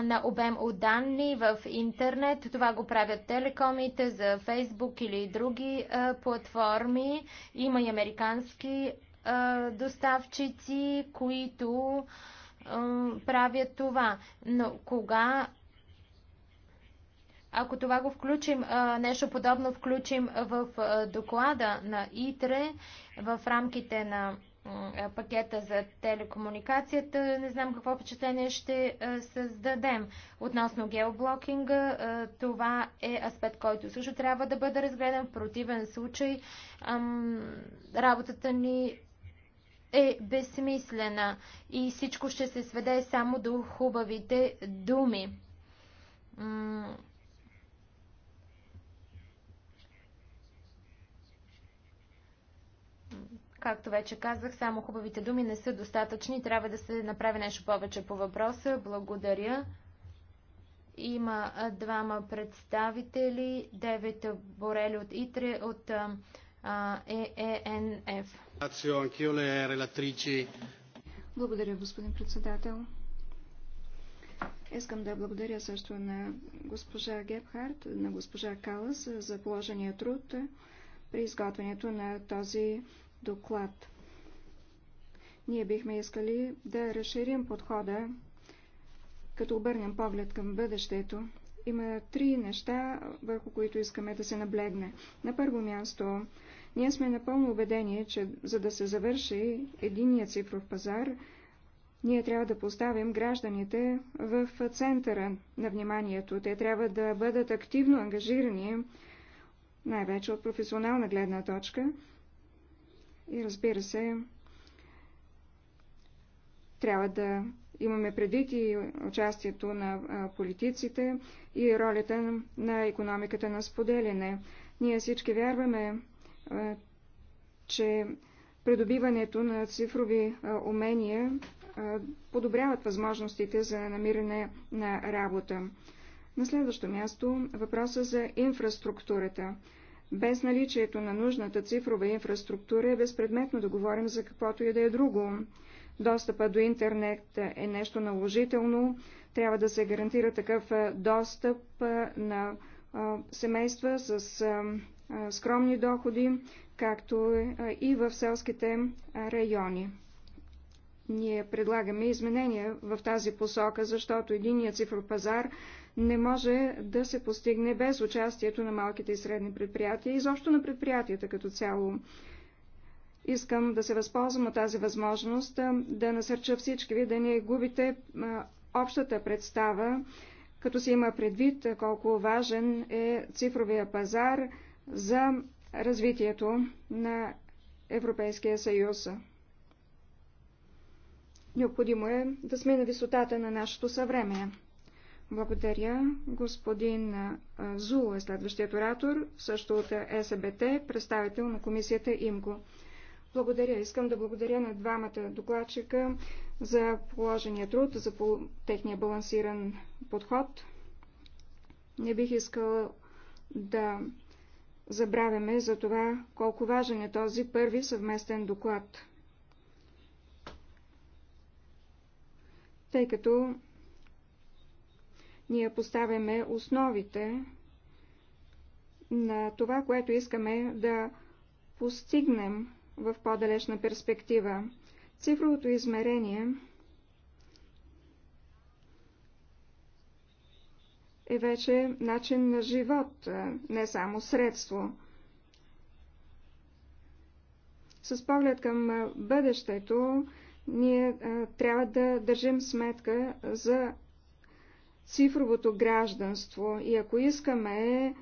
на обем от данни в интернет. Това го правят телекомите за Фейсбук или други платформи. Има и американски доставчици, които правят това. Но кога ако това го включим, нещо подобно включим в доклада на ИТРЕ в рамките на е, пакета за телекомуникацията. Не знам какво впечатление ще е, създадем. Относно геоблокинга, е, това е аспект, който също трябва да бъде разгледан. В противен случай работата ни е безсмислена и всичко ще се сведе само до хубавите думи. Както вече казах, само хубавите думи не са достатъчни. Трябва да се направи нещо повече по въпроса. Благодаря. Има двама представители. Девет Борели от ИТРЕ от ЕЕНФ. Е благодаря, господин председател. Искам да благодаря също на госпожа Гебхарт, на госпожа Калас за положения труд при изготвянето на този доклад. Ние бихме искали да разширим подхода, като обърнем поглед към бъдещето. Има три неща, върху които искаме да се наблегне. На първо място, ние сме напълно убедени, че за да се завърши единният цифров пазар, ние трябва да поставим гражданите в центъра на вниманието. Те трябва да бъдат активно ангажирани, най-вече от професионална гледна точка, и разбира се, трябва да имаме предвид и участието на политиците и ролята на економиката на споделяне. Ние всички вярваме, че придобиването на цифрови умения подобряват възможностите за намиране на работа. На следващо място въпроса за инфраструктурата. Без наличието на нужната цифрова инфраструктура е безпредметно да говорим за каквото и да е друго. Достъпа до интернет е нещо наложително. Трябва да се гарантира такъв достъп на семейства с скромни доходи, както и в селските райони. Ние предлагаме изменения в тази посока, защото единият цифров пазар не може да се постигне без участието на малките и средни предприятия и изобщо на предприятията като цяло. Искам да се възползвам от тази възможност да насърча всички ви да не губите общата представа, като се има предвид колко важен е цифровия пазар за развитието на Европейския съюз. Необходимо е да сме на висотата на нашето съвремене. Благодаря. Господин Зул е следващият оратор, също от СБТ, представител на комисията ИМКО. Благодаря. Искам да благодаря на двамата докладчика за положения труд, за техния балансиран подход. Не бих искал да забравяме за това колко важен е този първи съвместен доклад. Тъй като ние поставяме основите на това, което искаме да постигнем в по-далечна перспектива. Цифровото измерение е вече начин на живот, не само средство. С поглед към бъдещето, ние трябва да държим сметка за цифровото гражданство и ако искаме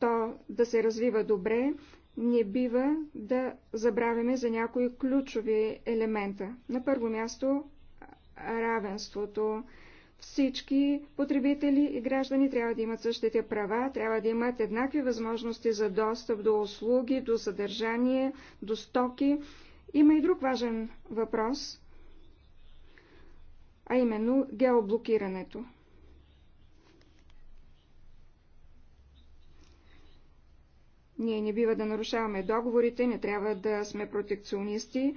то да се развива добре, не бива да забравяме за някои ключови елемента. На първо място равенството. Всички потребители и граждани трябва да имат същите права, трябва да имат еднакви възможности за достъп до услуги, до съдържание, до стоки. Има и друг важен въпрос, а именно геоблокирането. Ние не бива да нарушаваме договорите, не трябва да сме протекционисти.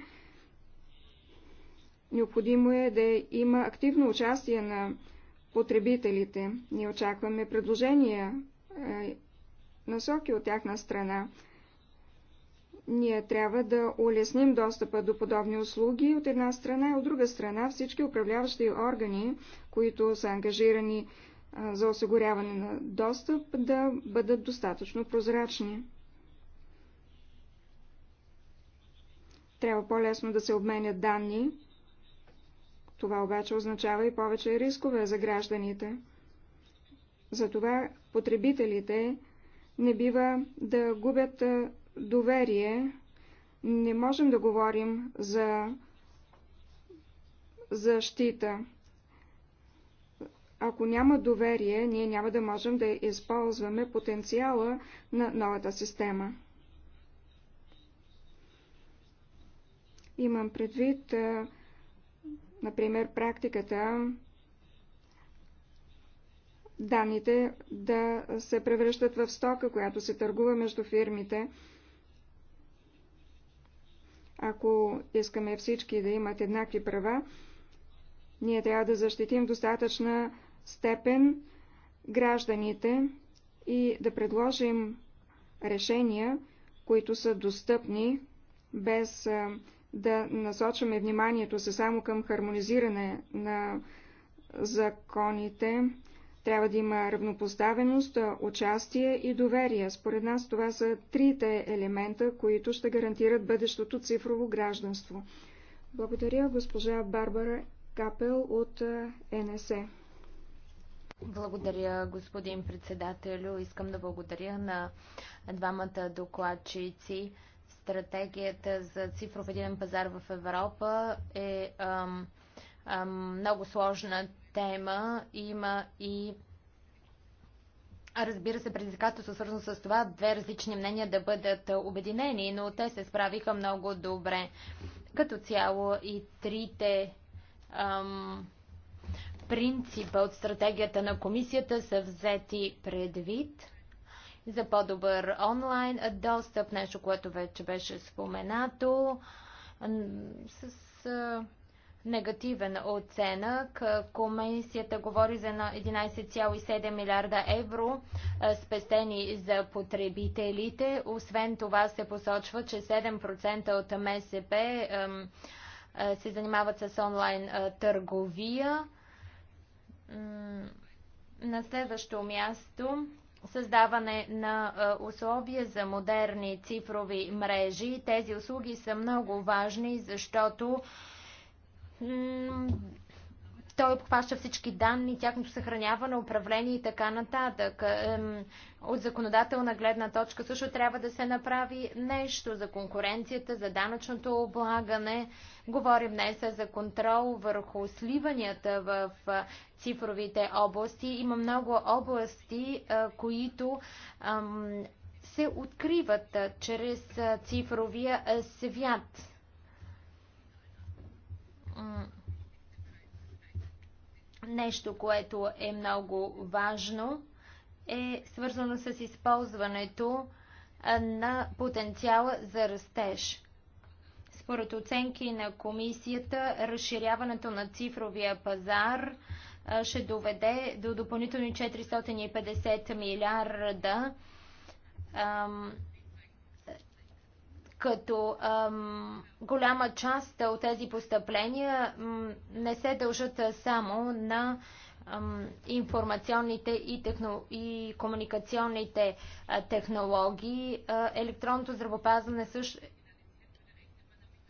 Необходимо е да има активно участие на потребителите. Ние очакваме предложения, е, насоки от тяхна страна. Ние трябва да улесним достъпа до подобни услуги от една страна, и от друга страна всички управляващи органи, които са ангажирани за осигуряване на достъп да бъдат достатъчно прозрачни. Трябва по-лесно да се обменят данни. Това обаче означава и повече рискове за гражданите. Затова потребителите не бива да губят доверие. Не можем да говорим за защита. Ако няма доверие, ние няма да можем да използваме потенциала на новата система. Имам предвид, например, практиката данните да се превръщат в стока, която се търгува между фирмите. Ако искаме всички да имат еднакви права, ние трябва да защитим достатъчна степен гражданите и да предложим решения, които са достъпни, без да насочваме вниманието се само към хармонизиране на законите. Трябва да има равнопоставеност, участие и доверие. Според нас това са трите елемента, които ще гарантират бъдещото цифрово гражданство. Благодаря госпожа Барбара Капел от НСЕ. Благодаря, господин председателю. Искам да благодаря на двамата докладчици. Стратегията за цифров един пазар в Европа е ам, ам, много сложна тема. Има и Разбира се, предизвикателство свързано с това две различни мнения да бъдат обединени, но те се справиха много добре. Като цяло и трите ам, принципа от стратегията на комисията са взети предвид за по-добър онлайн достъп, нещо, което вече беше споменато, с негативен оценък. Комисията говори за 11,7 милиарда евро спестени за потребителите. Освен това се посочва, че 7% от МСП се занимават с онлайн търговия. На следващо място създаване на условия за модерни цифрови мрежи. Тези услуги са много важни, защото той обхваща всички данни, тяхното съхраняване, управление и така нататък. От законодателна гледна точка също трябва да се направи нещо за конкуренцията, за данъчното облагане. Говорим днес за контрол върху сливанията в цифровите области. Има много области, които се откриват чрез цифровия свят Нещо, което е много важно, е свързано с използването на потенциала за растеж. Според оценки на комисията, разширяването на цифровия пазар ще доведе до допълнителни 450 милиарда като ам, голяма част от тези постъпления ам, не се дължат само на ам, информационните и, техно, и комуникационните а, технологии. А, електронното здравопазване също,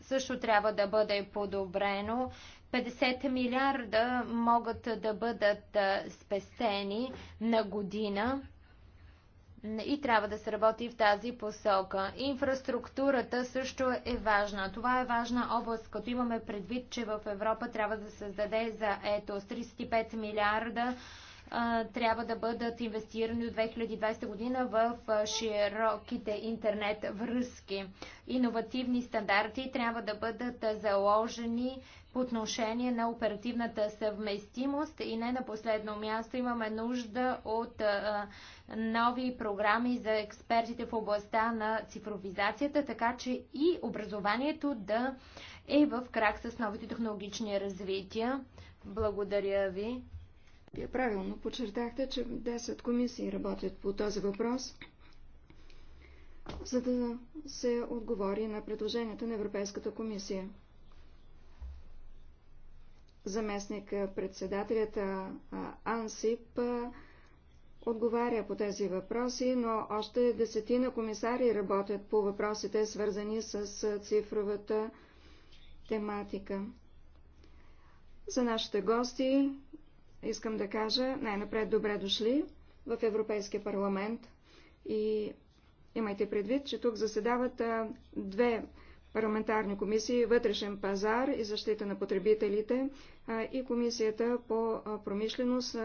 също трябва да бъде подобрено. 50 милиарда могат да бъдат спестени на година и трябва да се работи в тази посока. Инфраструктурата също е важна. Това е важна област, като имаме предвид, че в Европа трябва да се създаде за ето с 35 милиарда трябва да бъдат инвестирани от 2020 година в широките интернет връзки. Иновативни стандарти трябва да бъдат заложени по отношение на оперативната съвместимост и не на последно място имаме нужда от нови програми за експертите в областта на цифровизацията, така че и образованието да е в крак с новите технологични развития. Благодаря ви. Вие правилно подчертахте, че 10 комисии работят по този въпрос, за да се отговори на предложенията на Европейската комисия. Заместник председателят Ансип отговаря по тези въпроси, но още десетина комисари работят по въпросите, свързани с цифровата тематика. За нашите гости искам да кажа най-напред добре дошли в Европейския парламент и имайте предвид, че тук заседават две парламентарни комисии вътрешен пазар и защита на потребителите и комисията по промишленост,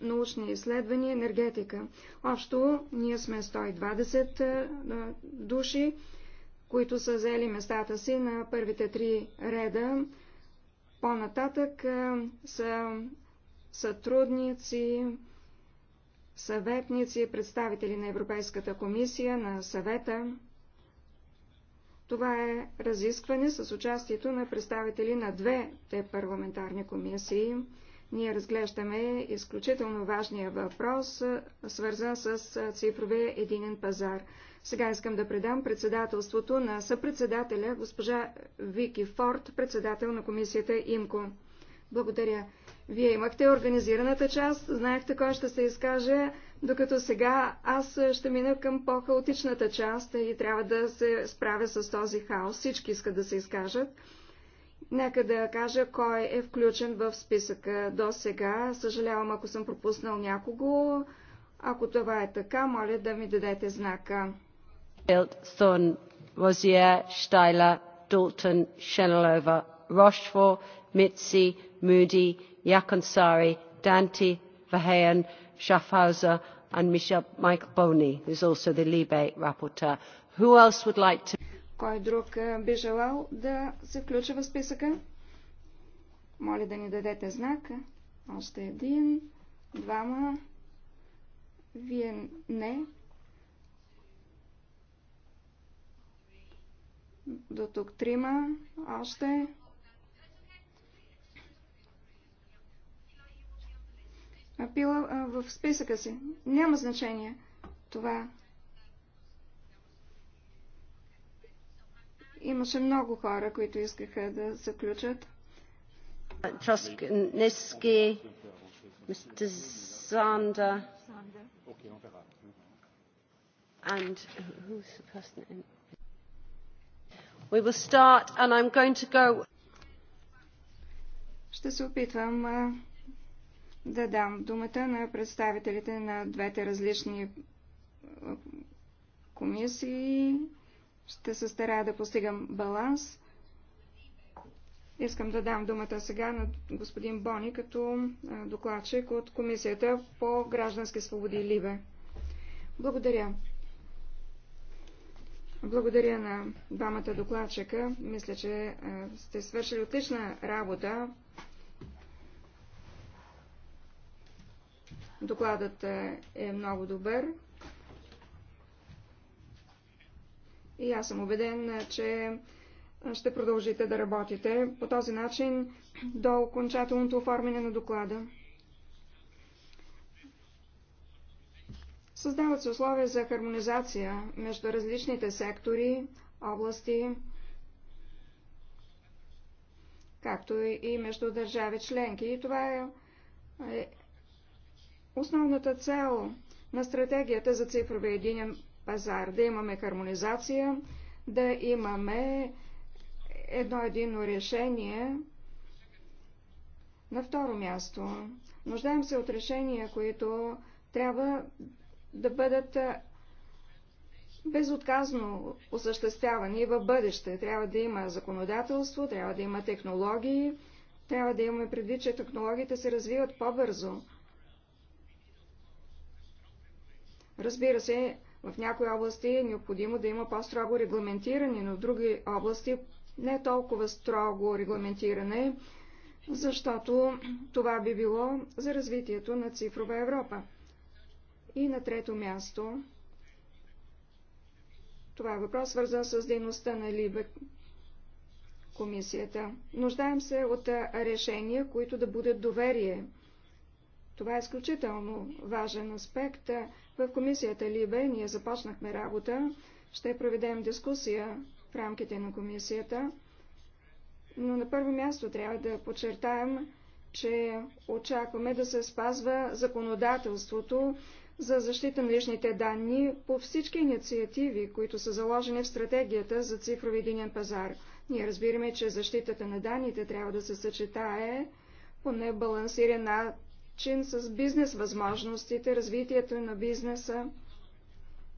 научни изследвания, енергетика. Общо ние сме 120 души, които са взели местата си на първите три реда. По-нататък са сътрудници, съветници, представители на Европейската комисия, на съвета. Това е разискване с участието на представители на двете парламентарни комисии. Ние разглеждаме изключително важния въпрос, свързан с цифровия единен пазар. Сега искам да предам председателството на съпредседателя госпожа Вики Форд, председател на комисията ИМКО. Благодаря. Вие имахте организираната част, знаехте кой ще се изкаже, докато сега аз ще мина към по-хаотичната част и трябва да се справя с този хаос. Всички искат да се изкажат. Нека да кажа кой е включен в списъка до сега. Съжалявам, ако съм пропуснал някого. Ако това е така, моля да ми дадете знака. Thun, Rozier, Штайла, Dalton, Шенелова, Rochefort, Митси, Муди, jaakonsaari danti verheyen schaffhauser and michael boni who is also the libe rapporteur. who else would like to? Кой друг би желал да се включи в списъка? Моля да ни дадете знак. Още един, двама. Вие не. До тук трима. Още. пила в списъка си. Няма значение това. Имаше много хора, които искаха да заключат. мистер And who's the person? We will start, and I'm going to go. Ще се опитвам да дам думата на представителите на двете различни е, комисии. Ще се старая да постигам баланс. Искам да дам думата сега на господин Бони като е, докладчик от Комисията по граждански свободи Либе. Благодаря. Благодаря на двамата докладчика. Мисля, че е, сте свършили отлична работа Докладът е, е много добър. И аз съм убеден, че ще продължите да работите по този начин до окончателното оформяне на доклада. Създават се условия за хармонизация между различните сектори, области, както и между държави членки. И това е, е Основната цел на стратегията за цифрове единен пазар да имаме хармонизация, да имаме едно едино решение. На второ място, нуждаем се от решения, които трябва да бъдат безотказно осъществявани в бъдеще. Трябва да има законодателство, трябва да има технологии, трябва да имаме предвид, че технологиите се развиват по-бързо. Разбира се, в някои области е необходимо да има по-строго регламентиране, но в други области не е толкова строго регламентиране, защото това би било за развитието на цифрова Европа. И на трето място, това е въпрос свързан с дейността на Либе комисията. Нуждаем се от решения, които да будат доверие това е изключително важен аспект. В комисията Либе ние започнахме работа. Ще проведем дискусия в рамките на комисията. Но на първо място трябва да подчертаем, че очакваме да се спазва законодателството за защита на личните данни по всички инициативи, които са заложени в стратегията за цифрови единен пазар. Ние разбираме, че защитата на данните трябва да се съчетае по небалансиран чин с бизнес възможностите, развитието на бизнеса,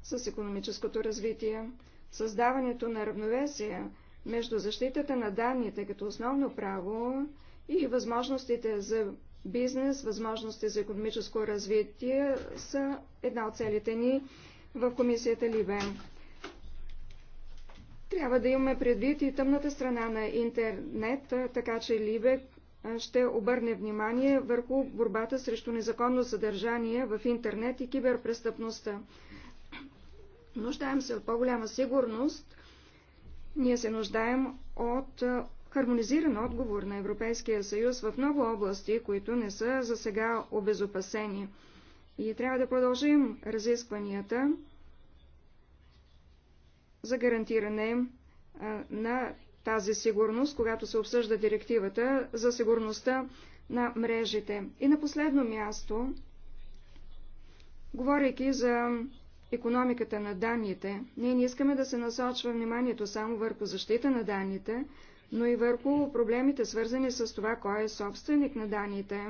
с економическото развитие, създаването на равновесие между защитата на данните като основно право и възможностите за бизнес, възможности за економическо развитие са една от целите ни в комисията Либе. Трябва да имаме предвид и тъмната страна на интернет, така че Либе ще обърне внимание върху борбата срещу незаконно съдържание в интернет и киберпрестъпността. Нуждаем се от по-голяма сигурност. Ние се нуждаем от хармонизиран отговор на Европейския съюз в много области, които не са за сега обезопасени. И трябва да продължим разискванията за гарантиране на тази сигурност, когато се обсъжда директивата за сигурността на мрежите. И на последно място, говорейки за економиката на данните, ние не искаме да се насочва вниманието само върху защита на данните, но и върху проблемите, свързани с това, кой е собственик на данните.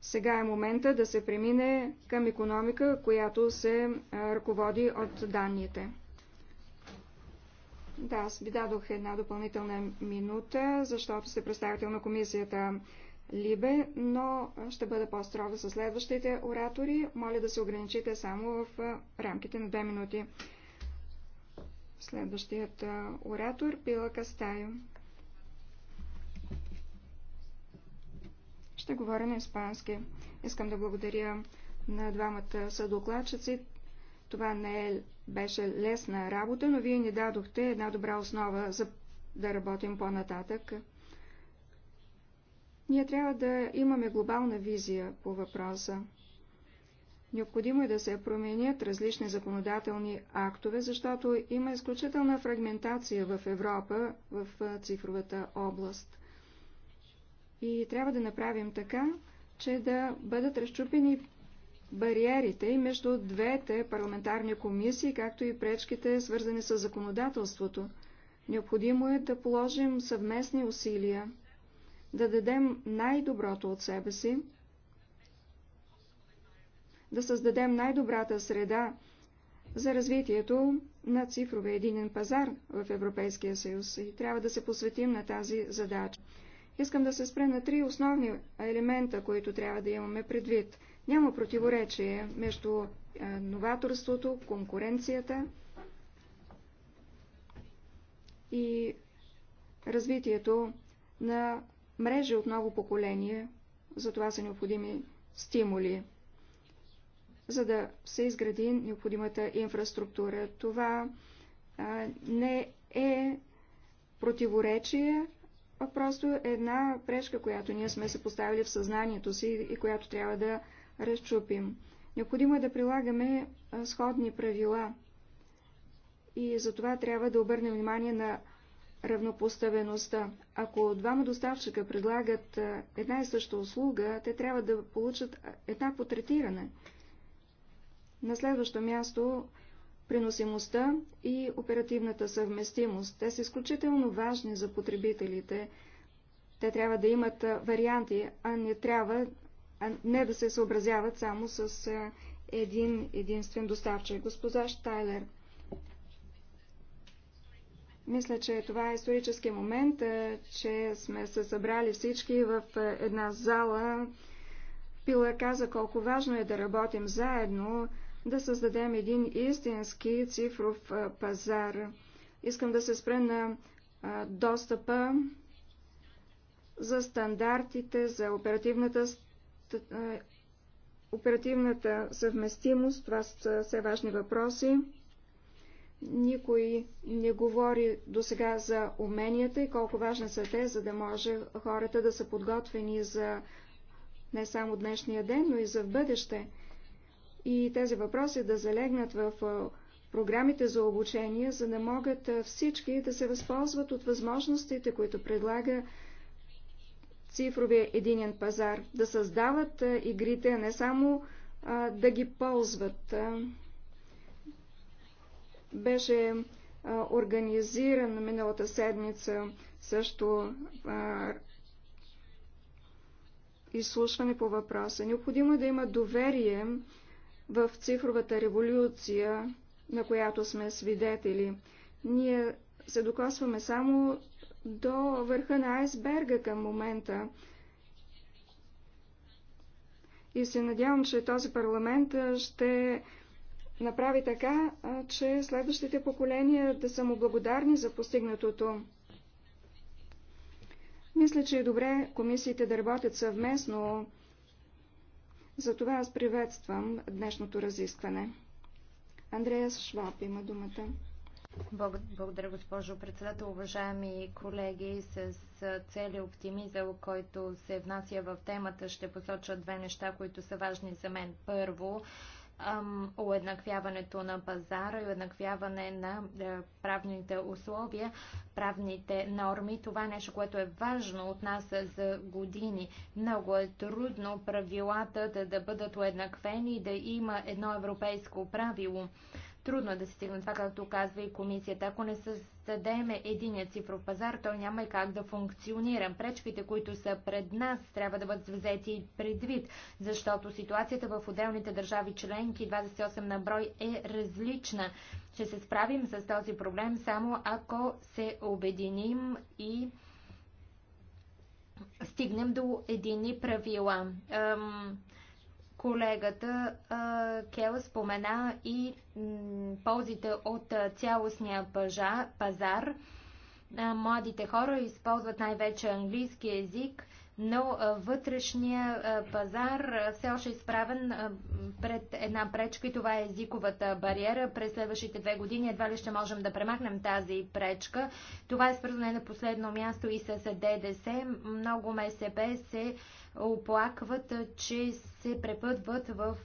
Сега е момента да се премине към економика, която се ръководи от данните. Да, аз ви дадох една допълнителна минута, защото сте представител на комисията Либе, но ще бъда по-строга с следващите оратори. Моля да се ограничите само в рамките на две минути. Следващият оратор Пила Кастайо. Ще говоря на испански. Искам да благодаря на двамата съдокладчици. Това не е, беше лесна работа, но вие ни дадохте една добра основа за да работим по-нататък. Ние трябва да имаме глобална визия по въпроса. Необходимо е да се променят различни законодателни актове, защото има изключителна фрагментация в Европа в цифровата област. И трябва да направим така, че да бъдат разчупени бариерите и между двете парламентарни комисии, както и пречките, свързани с законодателството. Необходимо е да положим съвместни усилия, да дадем най-доброто от себе си, да създадем най-добрата среда за развитието на цифрове единен пазар в Европейския съюз и трябва да се посветим на тази задача. Искам да се спре на три основни елемента, които трябва да имаме предвид – няма противоречие между е, новаторството, конкуренцията и развитието на мрежи от ново поколение. За това са необходими стимули, за да се изгради необходимата инфраструктура. Това е, не е противоречие, а просто една прешка, която ние сме се поставили в съзнанието си и която трябва да разчупим. Необходимо е да прилагаме сходни правила и за това трябва да обърнем внимание на равнопоставеността. Ако двама доставчика предлагат една и съща услуга, те трябва да получат еднакво третиране. На следващо място приносимостта и оперативната съвместимост. Те са изключително важни за потребителите. Те трябва да имат варианти, а не трябва а не да се съобразяват само с един единствен доставчик. Госпожа Штайлер, мисля, че това е исторически момент, че сме се събрали всички в една зала. Пила каза колко важно е да работим заедно, да създадем един истински цифров пазар. Искам да се спра на достъпа за стандартите, за оперативната е, оперативната съвместимост, това са все важни въпроси. Никой не говори до сега за уменията и колко важни са те, за да може хората да са подготвени за не само днешния ден, но и за в бъдеще. И тези въпроси да залегнат в е, програмите за обучение, за да могат е, всички да се възползват от възможностите, които предлага цифровия единен пазар, да създават игрите, а не само а, да ги ползват. Беше а, организиран миналата седмица също а, изслушване по въпроса. Необходимо е да има доверие в цифровата революция, на която сме свидетели. Ние се докосваме само до върха на айсберга към момента. И се надявам, че този парламент ще направи така, че следващите поколения да са му благодарни за постигнатото. Мисля, че е добре комисиите да работят съвместно. Затова аз приветствам днешното разискване. Андреас Шваб има думата. Благодаря, госпожо председател. Уважаеми колеги, с цели оптимизъм, който се внася в темата, ще посоча две неща, които са важни за мен. Първо, уеднаквяването на пазара и уеднаквяване на е, правните условия, правните норми. Това е нещо, което е важно от нас за години. Много е трудно правилата да, да бъдат уеднаквени и да има едно европейско правило. Трудно е да се стигне това, както казва и комисията. Ако не създадем единия цифров пазар, той няма и как да функционира. Пречките, които са пред нас, трябва да бъдат взети предвид, защото ситуацията в отделните държави членки, 28 на брой, е различна. Ще се справим с този проблем само ако се обединим и стигнем до едини правила. Колегата Кел спомена и ползите от цялостния пазар. Младите хора използват най-вече английски език, но вътрешния пазар все още е изправен пред една пречка и това е езиковата бариера. През следващите две години едва ли ще можем да премахнем тази пречка. Това е свързано на последно място и с ДДС. Много МСБ се оплакват, че се препътват в,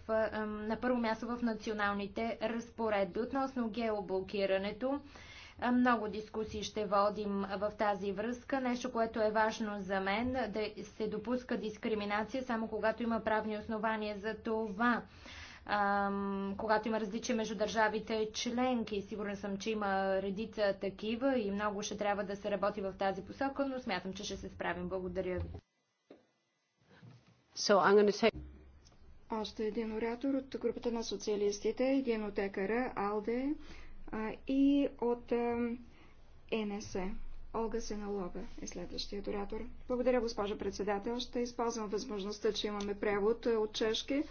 на първо място в националните разпоредби. Относно геоблокирането, много дискусии ще водим в тази връзка. Нещо, което е важно за мен, да се допуска дискриминация само когато има правни основания за това. Ам, когато има различия между държавите членки, сигурен съм, че има редица такива и много ще трябва да се работи в тази посока, но смятам, че ще се справим. Благодаря ви. So I'm going to take... Още един оратор от групата на социалистите, един от ЕКР, АЛДЕ а, и от НС. НСЕ. Олга Сеналова е следващият оратор. Благодаря, госпожа председател. Ще използвам възможността, че имаме превод от чешки.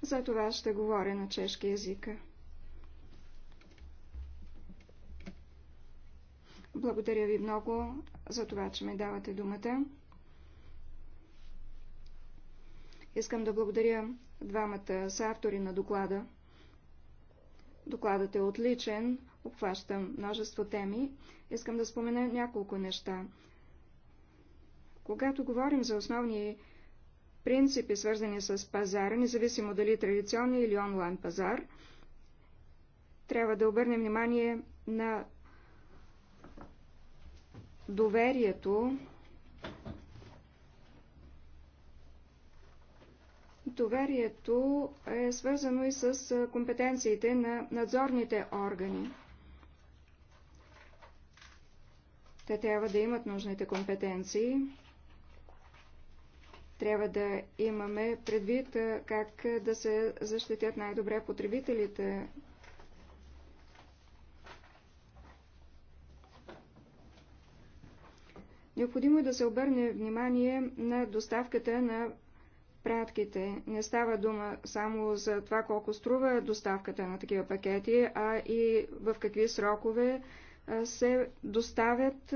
За това ще говоря на чешки язика. Благодаря ви много за това, че ми давате думата. Искам да благодаря двамата са автори на доклада. Докладът е отличен, обхваща множество теми. Искам да спомена няколко неща. Когато говорим за основни принципи, свързани с пазара, независимо дали традиционния или онлайн пазар, трябва да обърнем внимание на доверието Доверието е свързано и с компетенциите на надзорните органи. Те трябва да имат нужните компетенции. Трябва да имаме предвид как да се защитят най-добре потребителите. Необходимо е да се обърне внимание на доставката на пратките. Не става дума само за това колко струва доставката на такива пакети, а и в какви срокове се доставят,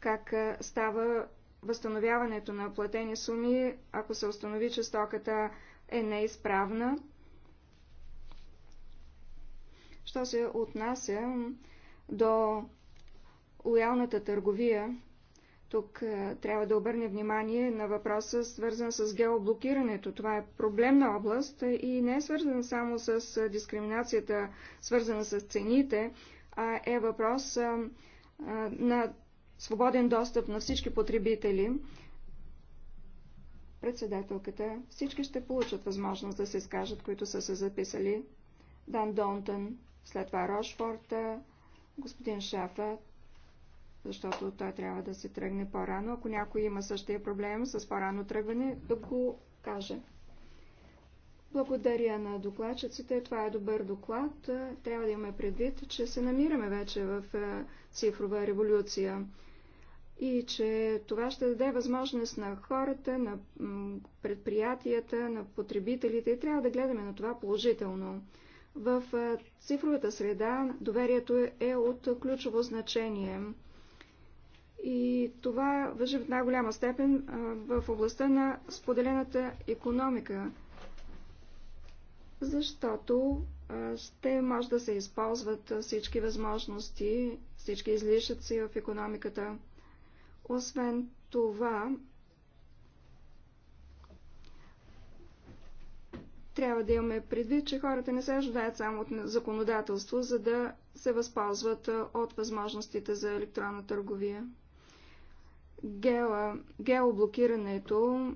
как става възстановяването на платени суми, ако се установи, че стоката е неизправна. Що се отнася до лоялната търговия, тук е, трябва да обърне внимание на въпроса, свързан с геоблокирането. Това е проблемна област и не е свързан само с е, дискриминацията, свързана с цените, а е въпрос е, на свободен достъп на всички потребители. Председателката, всички ще получат възможност да се изкажат, които са се записали. Дан Донтън, след това Рошфорта, господин Шафът, защото той трябва да се тръгне по-рано. Ако някой има същия проблем с по-рано тръгване, да го каже. Благодаря на докладчиците. Това е добър доклад. Трябва да имаме предвид, че се намираме вече в е, цифрова революция и че това ще даде възможност на хората, на предприятията, на потребителите и трябва да гледаме на това положително. В е, цифровата среда доверието е от ключово значение. И това въжи в най-голяма степен в областта на споделената економика, защото ще може да се използват всички възможности, всички излишъци в економиката. Освен това, трябва да имаме предвид, че хората не се ожидаят само от законодателство, за да се възползват от възможностите за електронна търговия гела, геоблокирането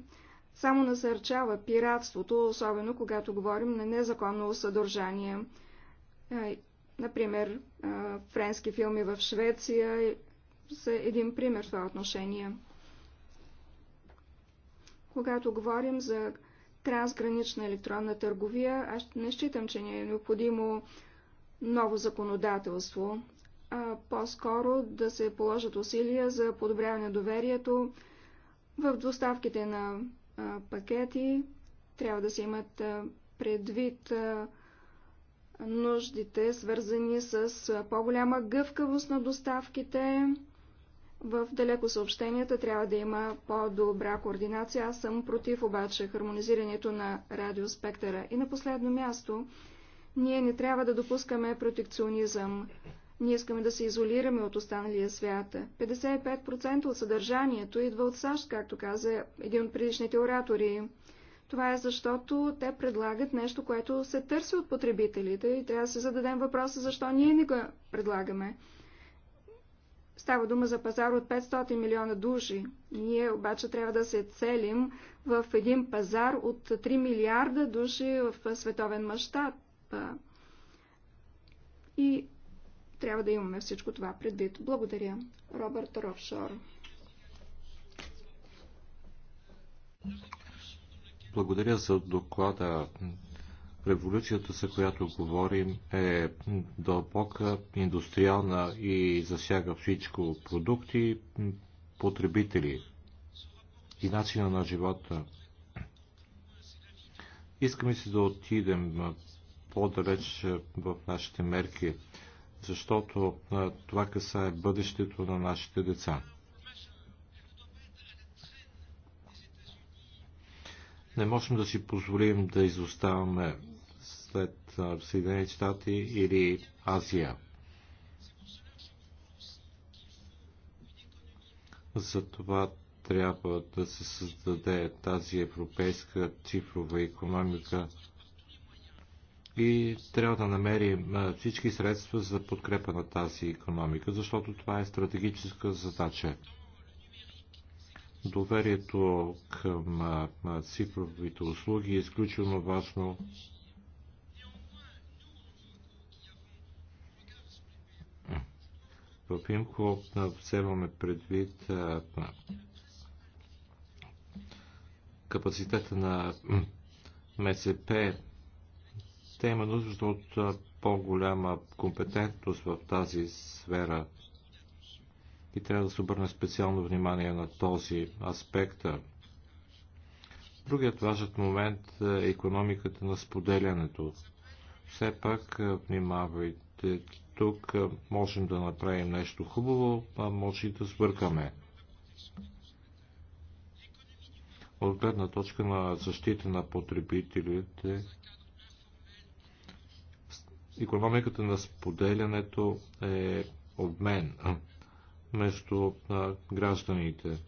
само насърчава пиратството, особено когато говорим на незаконно съдържание. Е, например, е, френски филми в Швеция са един пример в това отношение. Когато говорим за трансгранична електронна търговия, аз не считам, че не е необходимо ново законодателство по-скоро да се положат усилия за подобряване на доверието. В доставките на а, пакети трябва да се имат а, предвид а, нуждите, свързани с по-голяма гъвкавост на доставките. В далеко съобщенията трябва да има по-добра координация. Аз съм против обаче хармонизирането на радиоспектъра. И на последно място, ние не трябва да допускаме протекционизъм. Ние искаме да се изолираме от останалия свят. 55% от съдържанието идва от САЩ, както каза един от предишните оратори. Това е защото те предлагат нещо, което се търси от потребителите и трябва да се зададем въпроса, защо ние не го предлагаме. Става дума за пазар от 500 милиона души. Ние обаче трябва да се целим в един пазар от 3 милиарда души в световен мащаб. И трябва да имаме всичко това предвид. Благодаря. Робърт Рофшор. Благодаря за доклада. Революцията, за която говорим, е дълбока, индустриална и засяга всичко продукти, потребители и начина на живота. Искаме се да отидем по-далеч в нашите мерки защото това касае бъдещето на нашите деца. Не можем да си позволим да изоставаме след Съединените щати или Азия. Затова трябва да се създаде тази европейска цифрова економика – и трябва да намерим всички средства за подкрепа на тази економика, защото това е стратегическа задача. Доверието към цифровите услуги е изключително важно. В Имко вземаме предвид капацитета на МСП те има нужда от е по-голяма компетентност в тази сфера и трябва да се обърне специално внимание на този аспект. Другият важен момент е економиката на споделянето. Все пак е, внимавайте, тук е, можем да направим нещо хубаво, а може и да сбъркаме. От гледна точка на защита на потребителите, Економиката на споделянето е обмен между гражданите.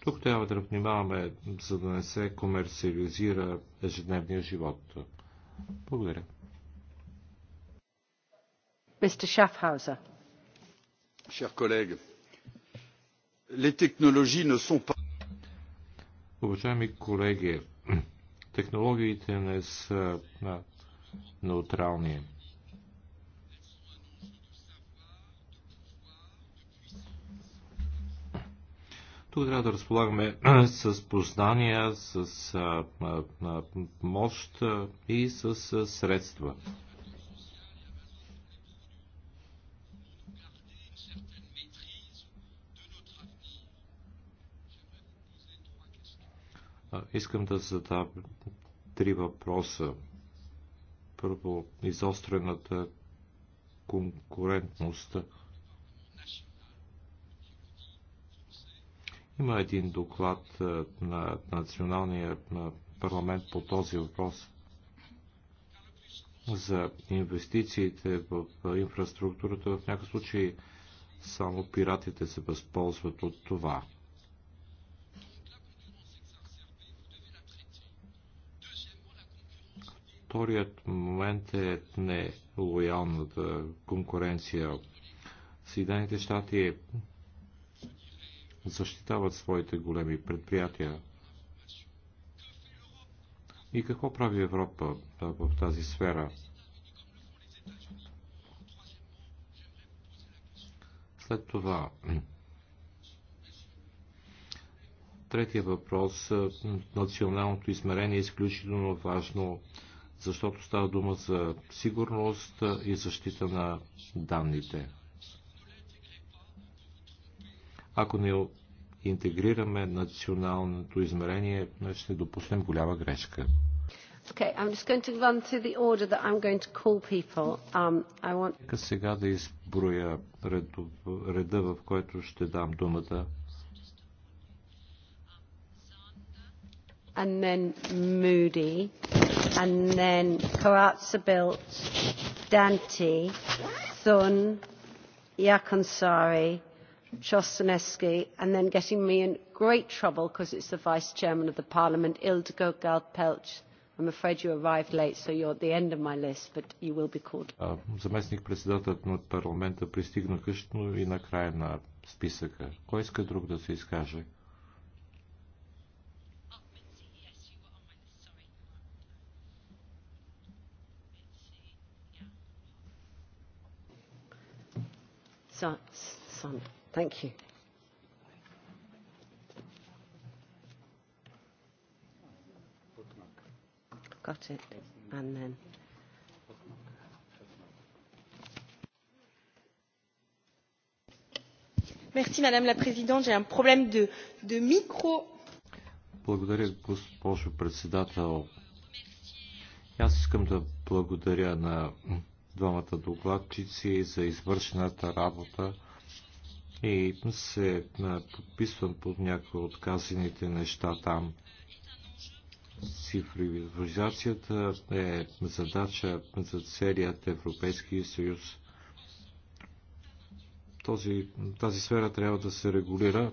Тук трябва да внимаваме, за да не се комерциализира ежедневния живот. Благодаря. Мистер Шафхаузер. Шеф collègues, les technologies ne Уважаеми колеги, [CLEARS THROAT] технологиите не са неутрални. Тук трябва да разполагаме [CLEARS THROAT] с познания, с мощ и с средства. Искам да задам три въпроса. Първо, изострената конкурентност. Има един доклад на националния парламент по този въпрос за инвестициите в инфраструктурата. В някакъв случай само пиратите се възползват от това. Вторият момент е нелоялната конкуренция. Съединените щати защитават своите големи предприятия. И какво прави Европа в тази сфера? След това, третия въпрос, националното измерение е изключително важно, защото става дума за сигурност и защита на данните. Ако не интегрираме националното измерение, ще допуснем голяма грешка. Okay, I'm just going to run through the order that I'm going to call people. Um, I want... Нека сега да изброя редов, реда, в който ще дам думата. And then Moody, and then Karatsabilt, Dante, Thun, Yakonsari, Chosnesky, and then getting me in great trouble because it is the Vice chair of the Parliament, Ildiko i am afraid you arrived late, so you are at the end of my list, but you will be called. Заместник председателят на парламента пристигна късно и на края на списъка. Кой иска друг да се изкаже? Son, son. Thank you. Got it. And then. Merci, Madame la Présidente. J'ai un problème de, de micro. Благодаря, госпожо председател. Аз искам да благодаря на двамата докладчици за извършената работа и се подписвам под някои от казаните неща там. Цифровизацията е задача за целият Европейски съюз. Този, тази сфера трябва да се регулира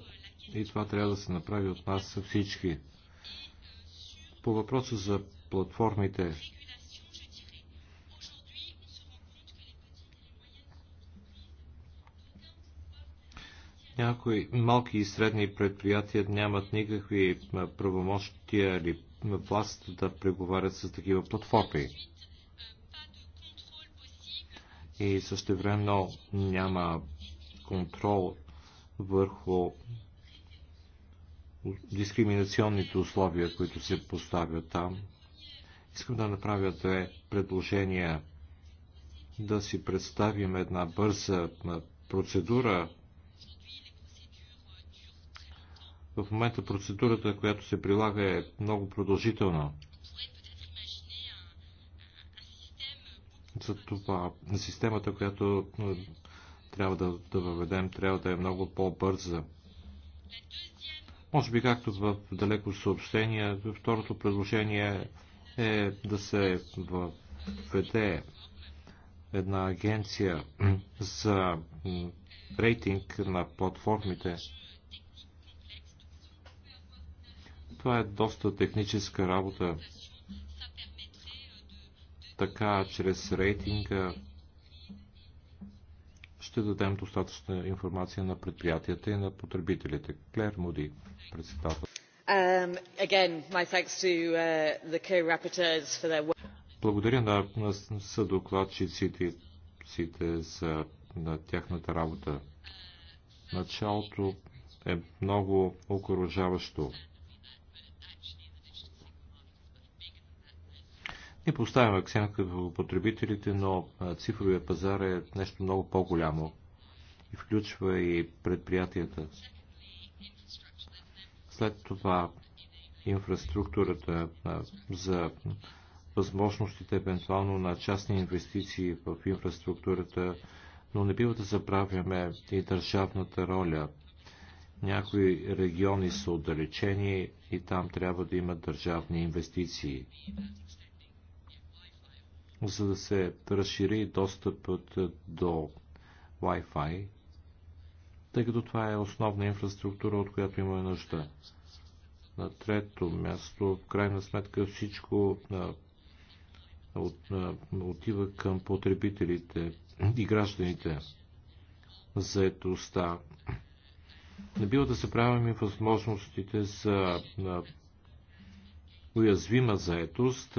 и това трябва да се направи от нас всички. По въпроса за платформите Някои малки и средни предприятия нямат никакви правомощия или власт да преговарят с такива платформи. И също време няма контрол върху дискриминационните условия, които се поставят там. Искам да направя две предложения. Да си представим една бърза процедура В момента процедурата, която се прилага, е много продължителна. За това системата, която е, трябва да, да въведем, трябва да е много по-бърза. Може би както в далеко съобщение, второто предложение е да се введе една агенция [CLEARS THROAT] за рейтинг на платформите. Това е доста техническа работа. Така, чрез рейтинга ще дадем достатъчна информация на предприятията и на потребителите. Клер Муди, председател. Um, again, my thanks to uh, the co-rapporteurs for their work. Благодаря на, на съдокладчиците за на тяхната работа. Началото е много окоръжаващо. Ние поставяме акцент в потребителите, но цифровия пазар е нещо много по-голямо и включва и предприятията. След това инфраструктурата за възможностите евентуално на частни инвестиции в инфраструктурата, но не бива да забравяме и държавната роля. Някои региони са отдалечени и там трябва да има държавни инвестиции за да се разшири достъпът е, до Wi-Fi, тъй като това е основна инфраструктура, от която има нужда. На трето място, в крайна сметка, всичко а, е, от, а, е, отива към потребителите и гражданите за Не бива да се правим и възможностите за а, уязвима заетост,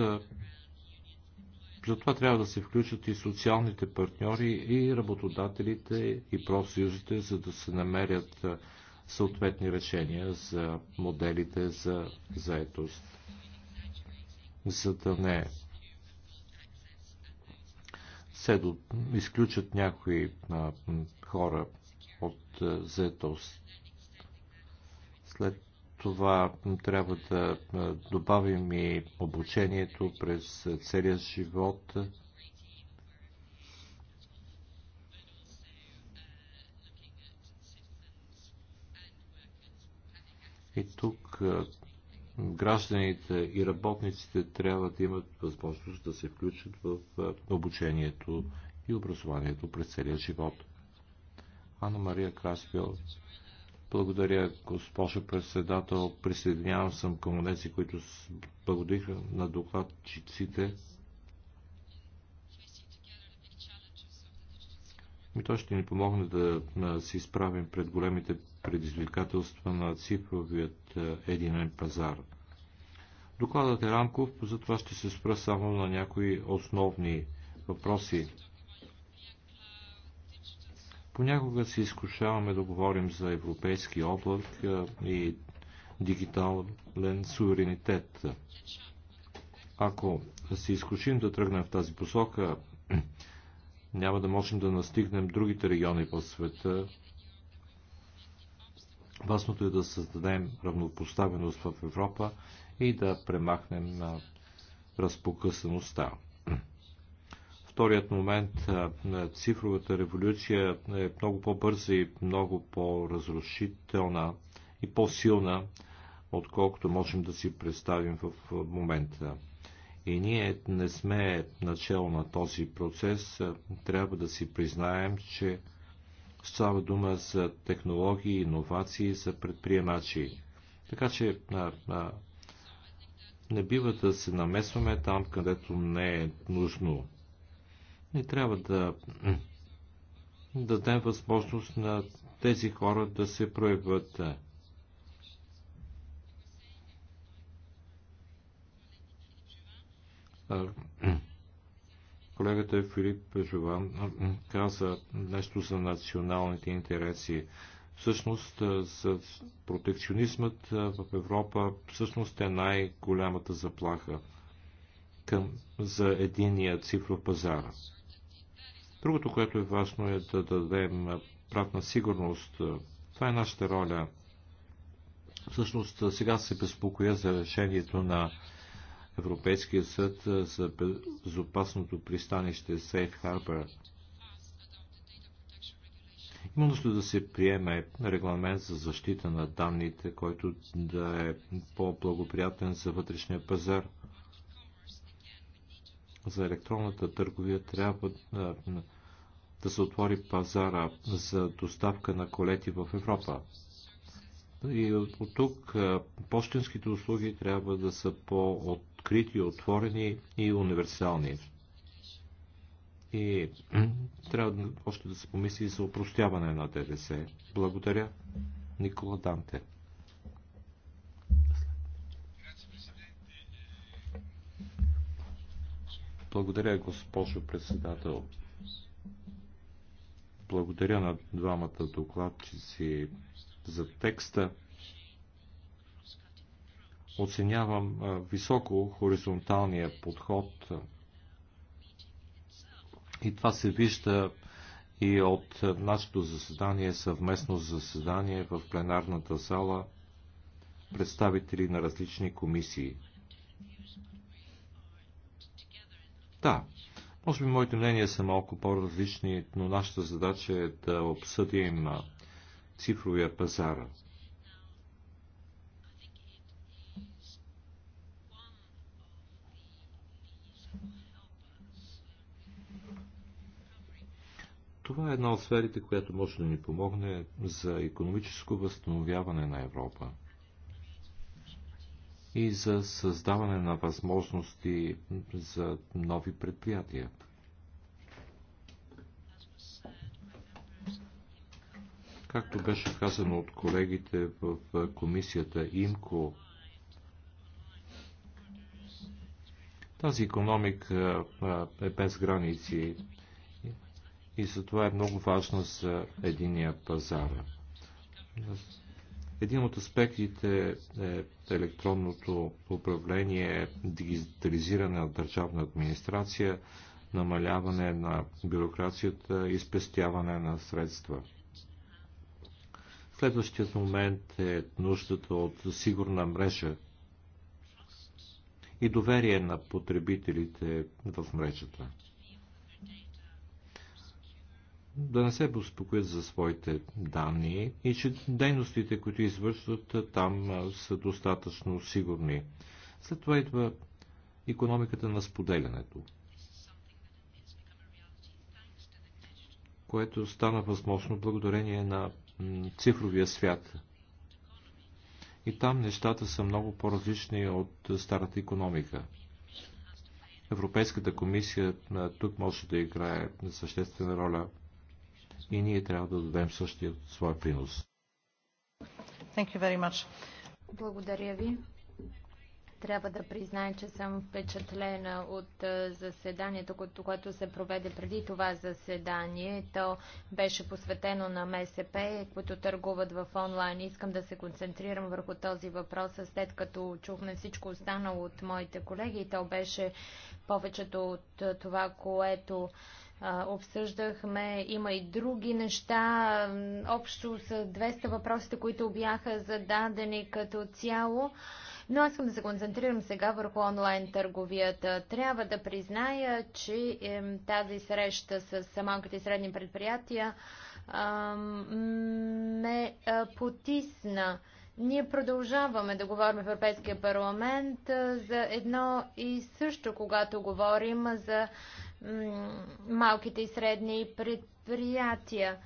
затова трябва да се включат и социалните партньори, и работодателите, и профсъюзите, за да се намерят съответни решения за моделите за заетост, за да не се изключат някои хора от заетост. След това трябва да добавим и обучението през целия живот. И тук гражданите и работниците трябва да имат възможност да се включат в обучението и образованието през целия живот. Анна Мария Красвил благодаря, госпожо председател. Присъединявам съм към тези, които благодариха на докладчиците. И то ще ни помогне да се изправим пред големите предизвикателства на цифровият единен пазар. Докладът е рамков, затова ще се спра само на някои основни въпроси. Понякога се изкушаваме да говорим за европейски облак и дигитален суверенитет. Ако се изкушим да тръгнем в тази посока, [CLEARS THROAT] няма да можем да настигнем другите региони по света. Важното е да създадем равнопоставеност в Европа и да премахнем на разпокъсаността вторият момент, цифровата революция е много по-бърза и много по-разрушителна и по-силна, отколкото можем да си представим в момента. И ние не сме начало на този процес. Трябва да си признаем, че става дума за технологии, иновации, за предприемачи. Така че а, а, не бива да се намесваме там, където не е нужно. Не трябва да дадем възможност на тези хора да се проявят. Колегата Филип Жован каза нещо за националните интереси. Всъщност, за протекционизмът в Европа всъщност е най-голямата заплаха към, за единия цифров пазар. Другото, което е важно е да дадем правна сигурност. Това е нашата роля. Всъщност сега се безпокоя за решението на Европейския съд за безопасното пристанище Safe Harbor. Има нужда да се приеме регламент за защита на данните, който да е по-благоприятен за вътрешния пазар за електронната търговия трябва да, да се отвори пазара за доставка на колети в Европа. И от, тук почтенските услуги трябва да са по-открити, отворени и универсални. И трябва още да се помисли за упростяване на ДДС. Благодаря, Никола Данте. Благодаря, госпожо председател. Благодаря на двамата докладчици за текста. Оценявам високо хоризонталния подход и това се вижда и от нашето заседание, съвместно заседание в пленарната зала, представители на различни комисии. Да, може би моите мнения са малко по-различни, но нашата задача е да обсъдим цифровия пазар. Това е една от сферите, която може да ни помогне за економическо възстановяване на Европа и за създаване на възможности за нови предприятия. Както беше казано от колегите в комисията ИМКО, тази економика е без граници и затова е много важна за единия пазар. Един от аспектите е електронното управление, дигитализиране на държавна администрация, намаляване на бюрокрацията и спестяване на средства. Следващият момент е нуждата от сигурна мрежа и доверие на потребителите в мрежата да не се безпокоят за своите данни и че дейностите, които извършват там, са достатъчно сигурни. След това идва економиката на споделянето, което стана възможно благодарение на цифровия свят. И там нещата са много по-различни от старата економика. Европейската комисия тук може да играе съществена роля – и ние трябва да дадем същия своя принос. Thank you very much. Благодаря ви. Трябва да призная, че съм впечатлена от заседанието, което се проведе преди това заседание. То беше посветено на МСП, които търгуват в онлайн. Искам да се концентрирам върху този въпрос, след като чухме всичко останало от моите колеги. То беше повечето от това, което обсъждахме, има и други неща. Общо са 200 въпросите, които бяха зададени като цяло. Но аз искам да се концентрирам сега върху онлайн търговията. Трябва да призная, че тази среща с малките и средни предприятия ме потисна. Ние продължаваме да говорим в Европейския парламент за едно и също, когато говорим за малките и средни предприятия.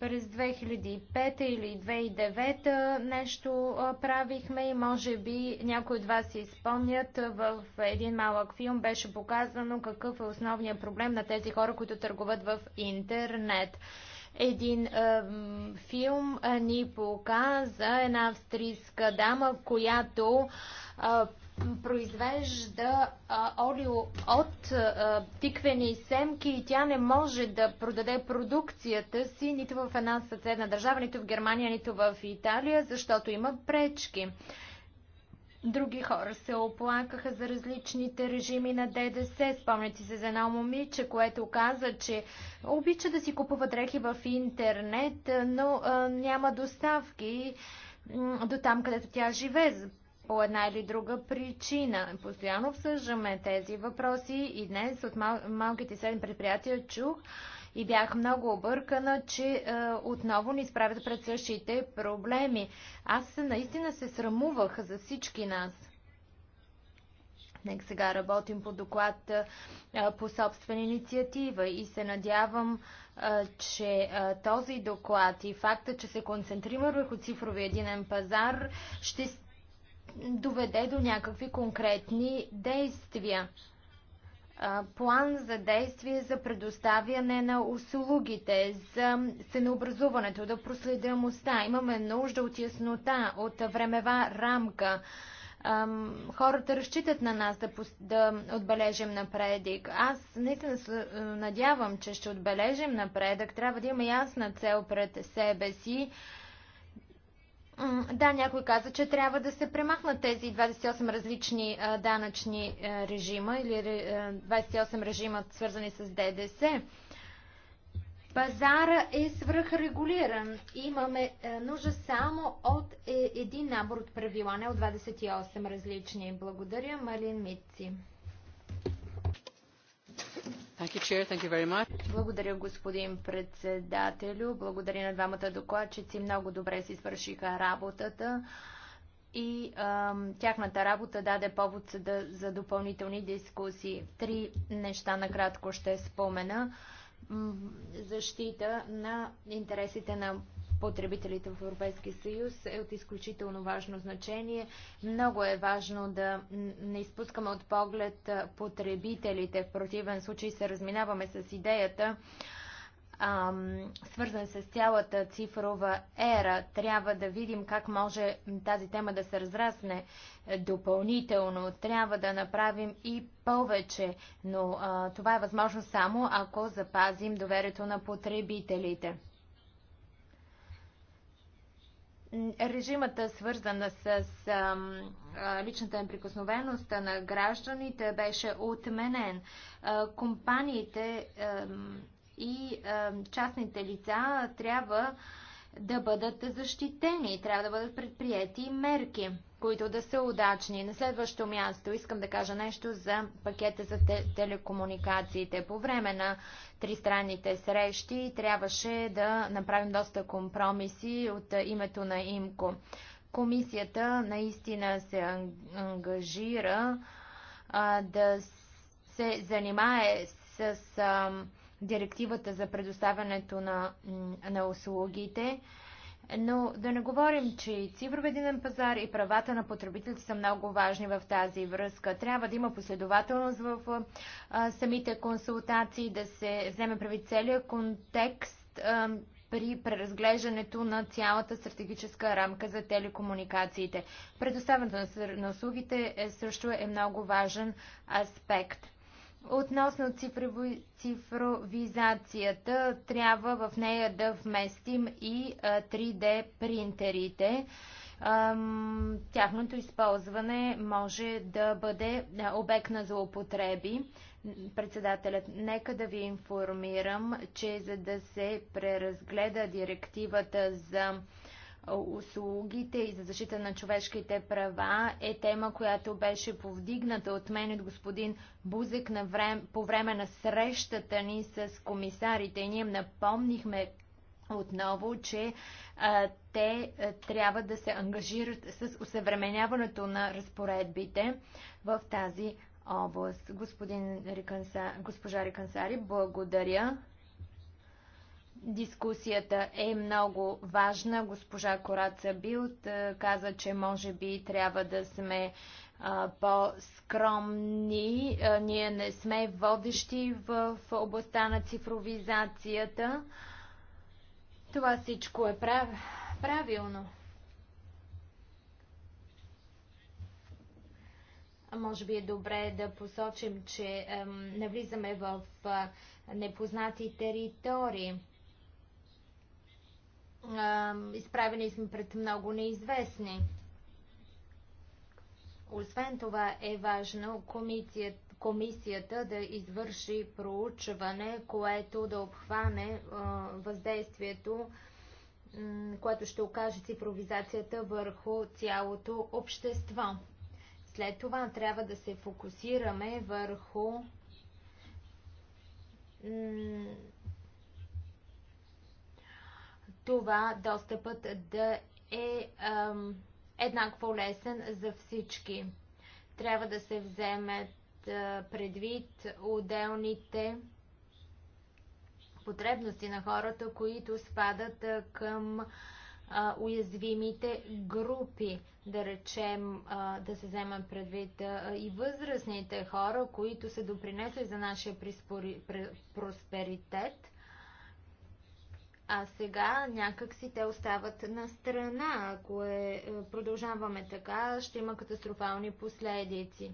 През 2005 или 2009 нещо правихме и може би някои от вас си изпълнят в един малък филм беше показано какъв е основният проблем на тези хора, които търгуват в интернет един е, филм ни показа една австрийска дама, която е, произвежда а, олио от а, тиквени семки и тя не може да продаде продукцията си нито в една съседна държава, нито в Германия, нито в Италия, защото има пречки. Други хора се оплакаха за различните режими на ДДС. Спомняте се за едно момиче, което каза, че обича да си купува дрехи в интернет, но а, няма доставки до там, където тя живее по една или друга причина. Постоянно обсъждаме тези въпроси и днес от мал- малките седем предприятия чух и бях много объркана, че е, отново ни справят пред същите проблеми. Аз наистина се срамувах за всички нас. Нека сега работим по доклад е, по собствена инициатива и се надявам, е, че е, този доклад и факта, че се концентрираме върху цифровия единен пазар, ще доведе до някакви конкретни действия. План за действие за предоставяне на услугите, за ценообразуването, да проследимостта. Имаме нужда от яснота, от времева рамка хората разчитат на нас да, да отбележим напредък. Аз наистина е, надявам, че ще отбележим напредък. Трябва да има ясна цел пред себе си да, някой каза, че трябва да се премахнат тези 28 различни данъчни режима или 28 режима свързани с ДДС. Пазара е свръхрегулиран. Имаме нужда само от е, един набор от правила, не от 28 различни. Благодаря, Малин Митци. Благодаря, господин председателю. Благодаря на двамата докладчици. Много добре си свършиха работата и ам, тяхната работа даде повод да, за допълнителни дискусии. Три неща накратко ще спомена. Защита на интересите на потребителите в Европейския съюз е от изключително важно значение. Много е важно да не изпускаме от поглед потребителите. В противен случай се разминаваме с идеята, свързан с цялата цифрова ера. Трябва да видим как може тази тема да се разрасне е, допълнително. Трябва да направим и повече, но а, това е възможно само ако запазим доверието на потребителите режимата, свързана с личната неприкосновеност на гражданите, беше отменен. Компаниите и частните лица трябва да бъдат защитени, трябва да бъдат предприяти мерки които да са удачни. На следващо място искам да кажа нещо за пакета за телекомуникациите. По време на тристранните срещи трябваше да направим доста компромиси от името на ИМКО. Комисията наистина се ангажира а, да се занимае с а, директивата за предоставянето на, на услугите. Но да не говорим, че и цифровединен пазар и правата на потребителите са много важни в тази връзка. Трябва да има последователност в а, самите консултации, да се вземе прави целият контекст а, при преразглеждането на цялата стратегическа рамка за телекомуникациите. Предоставянето на услугите е, също е много важен аспект. Относно цифровизацията, трябва в нея да вместим и 3D принтерите. Тяхното използване може да бъде обект на злоупотреби. Председателят, нека да ви информирам, че за да се преразгледа директивата за услугите и за защита на човешките права е тема, която беше повдигната от мен от господин Бузек на време, по време на срещата ни с комисарите. Ние напомнихме отново, че а, те а, трябва да се ангажират с усъвременяването на разпоредбите в тази област. Господин Риканса, госпожа Рикансари, благодаря. Дискусията е много важна. Госпожа Кораца Билт е, каза, че може би трябва да сме е, по-скромни. Е, ние не сме водещи в областта на цифровизацията. Това всичко е прав... правилно. Може би е добре да посочим, че ем, навлизаме в а, непознати територии изправени сме пред много неизвестни. Освен това е важно комисията, комисията да извърши проучване, което да обхване а, въздействието, което ще окаже цифровизацията върху цялото общество. След това трябва да се фокусираме върху това достъпът да е ам, еднакво лесен за всички. Трябва да се вземат предвид отделните потребности на хората, които спадат към а, уязвимите групи. Да речем, а, да се вземат предвид а, и възрастните хора, които са допринесли за нашия приспори, просперитет а сега някакси те остават на страна. Ако е, е, продължаваме така, ще има катастрофални последици.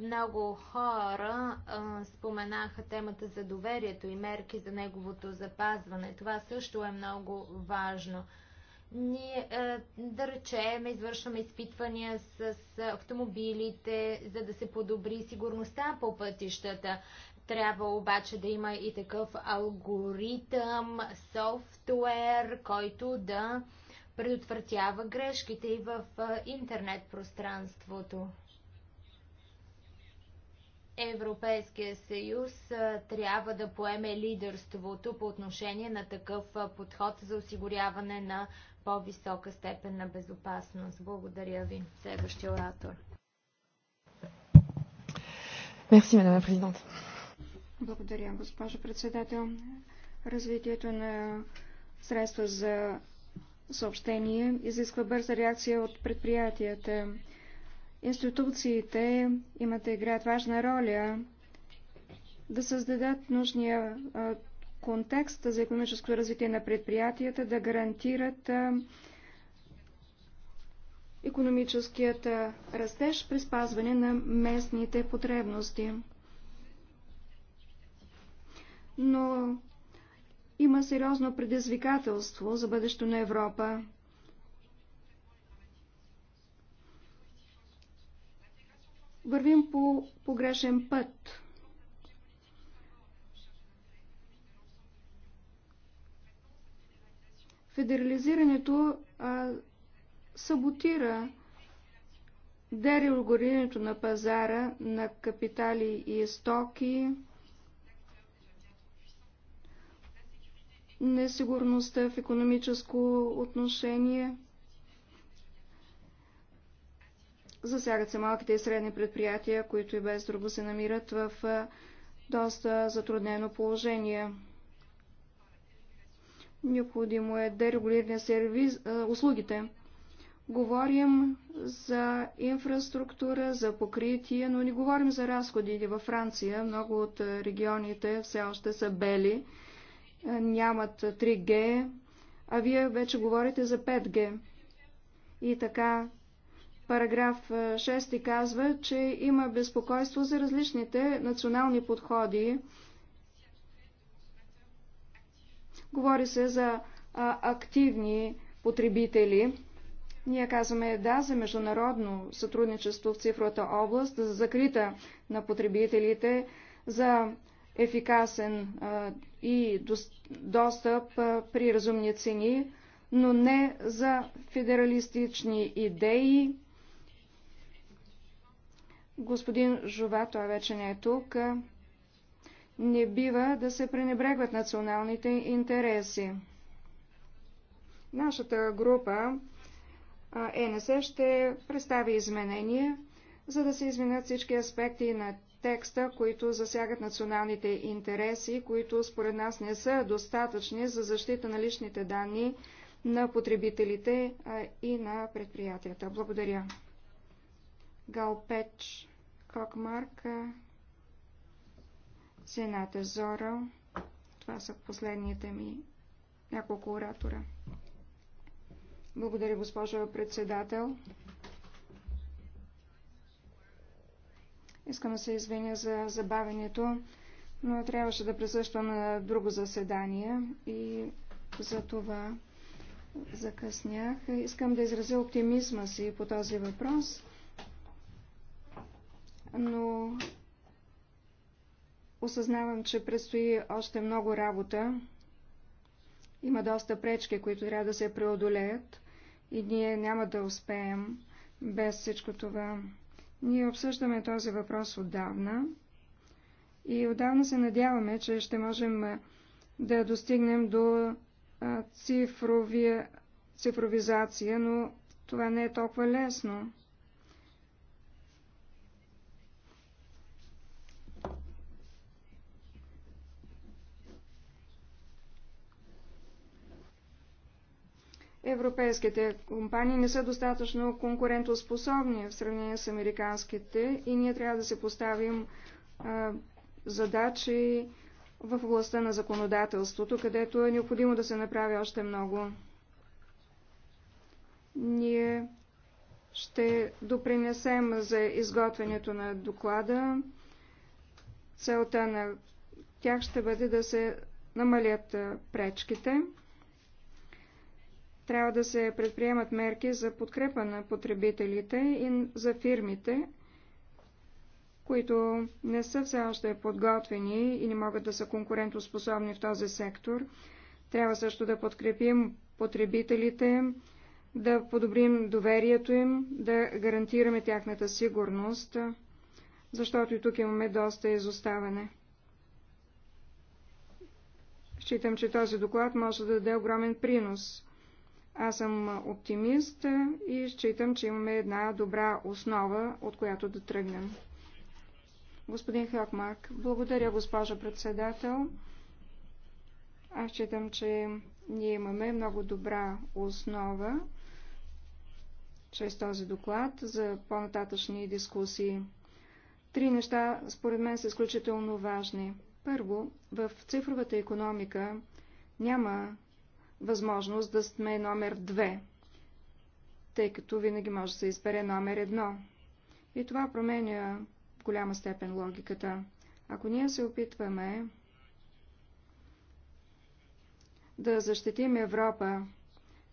Много хора а, споменаха темата за доверието и мерки за неговото запазване. Това също е много важно. Ние, а, е, да речем, извършваме изпитвания с автомобилите, за да се подобри сигурността по пътищата. Трябва обаче да има и такъв алгоритъм, софтуер, който да предотвратява грешките и в интернет пространството. Европейския съюз трябва да поеме лидерството по отношение на такъв подход за осигуряване на по-висока степен на безопасност. Благодаря ви. Следващия оратор. Merci, Madame la Présidente. Благодаря, госпожо председател. Развитието на средства за съобщение изисква бърза реакция от предприятията. Институциите имат играят важна роля да създадат нужния контекст за економическо развитие на предприятията, да гарантират економическият растеж при спазване на местните потребности но има сериозно предизвикателство за бъдещето на Европа. Вървим по погрешен път. Федерализирането а, саботира дерилгорирането на пазара на капитали и стоки, несигурността в економическо отношение. Засягат се малките и средни предприятия, които и без друго се намират в доста затруднено положение. Необходимо е дерегулиране сервис, услугите. Говорим за инфраструктура, за покритие, но не говорим за разходи. Във Франция много от регионите все още са бели нямат 3G, а вие вече говорите за 5G. И така, параграф 6 казва, че има безпокойство за различните национални подходи. Говори се за а, активни потребители. Ние казваме да за международно сътрудничество в цифровата област, за закрита на потребителите, за ефикасен и достъп при разумни цени, но не за федералистични идеи. Господин Жова, той вече не е тук, не бива да се пренебрегват националните интереси. Нашата група ЕНСЕ ще представи изменения, за да се изменят всички аспекти на текста, които засягат националните интереси, които според нас не са достатъчни за защита на личните данни на потребителите и на предприятията. Благодаря. Галпеч, Кокмарк, Сената Зора. Това са последните ми няколко оратора. Благодаря, госпожо председател. Искам да се извиня за забавенето, но трябваше да присъствам на друго заседание и за това закъснях. Искам да изразя оптимизма си по този въпрос, но осъзнавам, че предстои още много работа. Има доста пречки, които трябва да се преодолеят и ние няма да успеем без всичко това. Ние обсъждаме този въпрос отдавна и отдавна се надяваме, че ще можем да достигнем до цифровия, цифровизация, но това не е толкова лесно. Европейските компании не са достатъчно конкурентоспособни в сравнение с американските и ние трябва да се поставим а, задачи в областта на законодателството, където е необходимо да се направи още много. Ние ще допринесем за изготвянето на доклада. Целта на тях ще бъде да се намалят пречките. Трябва да се предприемат мерки за подкрепа на потребителите и за фирмите, които не са все още подготвени и не могат да са конкурентоспособни в този сектор. Трябва също да подкрепим потребителите, да подобрим доверието им, да гарантираме тяхната сигурност, защото и тук имаме доста изоставане. Считам, че този доклад може да даде огромен принос. Аз съм оптимист и считам, че имаме една добра основа, от която да тръгнем. Господин Хакмак, благодаря, госпожа председател. Аз считам, че ние имаме много добра основа чрез този доклад за по-нататъчни дискусии. Три неща, според мен, са изключително важни. Първо, в цифровата економика няма възможност да сме номер 2, тъй като винаги може да се избере номер 1. И това променя в голяма степен логиката. Ако ние се опитваме да защитим Европа,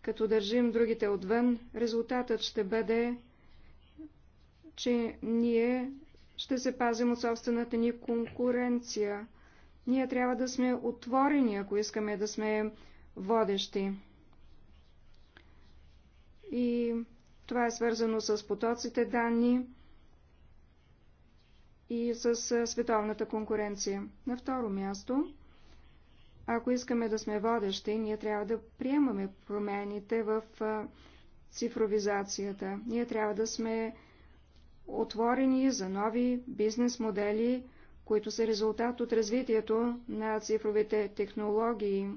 като държим другите отвън, резултатът ще бъде, че ние ще се пазим от собствената ни конкуренция. Ние трябва да сме отворени, ако искаме да сме водещи. И това е свързано с потоците данни и с световната конкуренция. На второ място, ако искаме да сме водещи, ние трябва да приемаме промените в цифровизацията. Ние трябва да сме отворени за нови бизнес модели, които са резултат от развитието на цифровите технологии.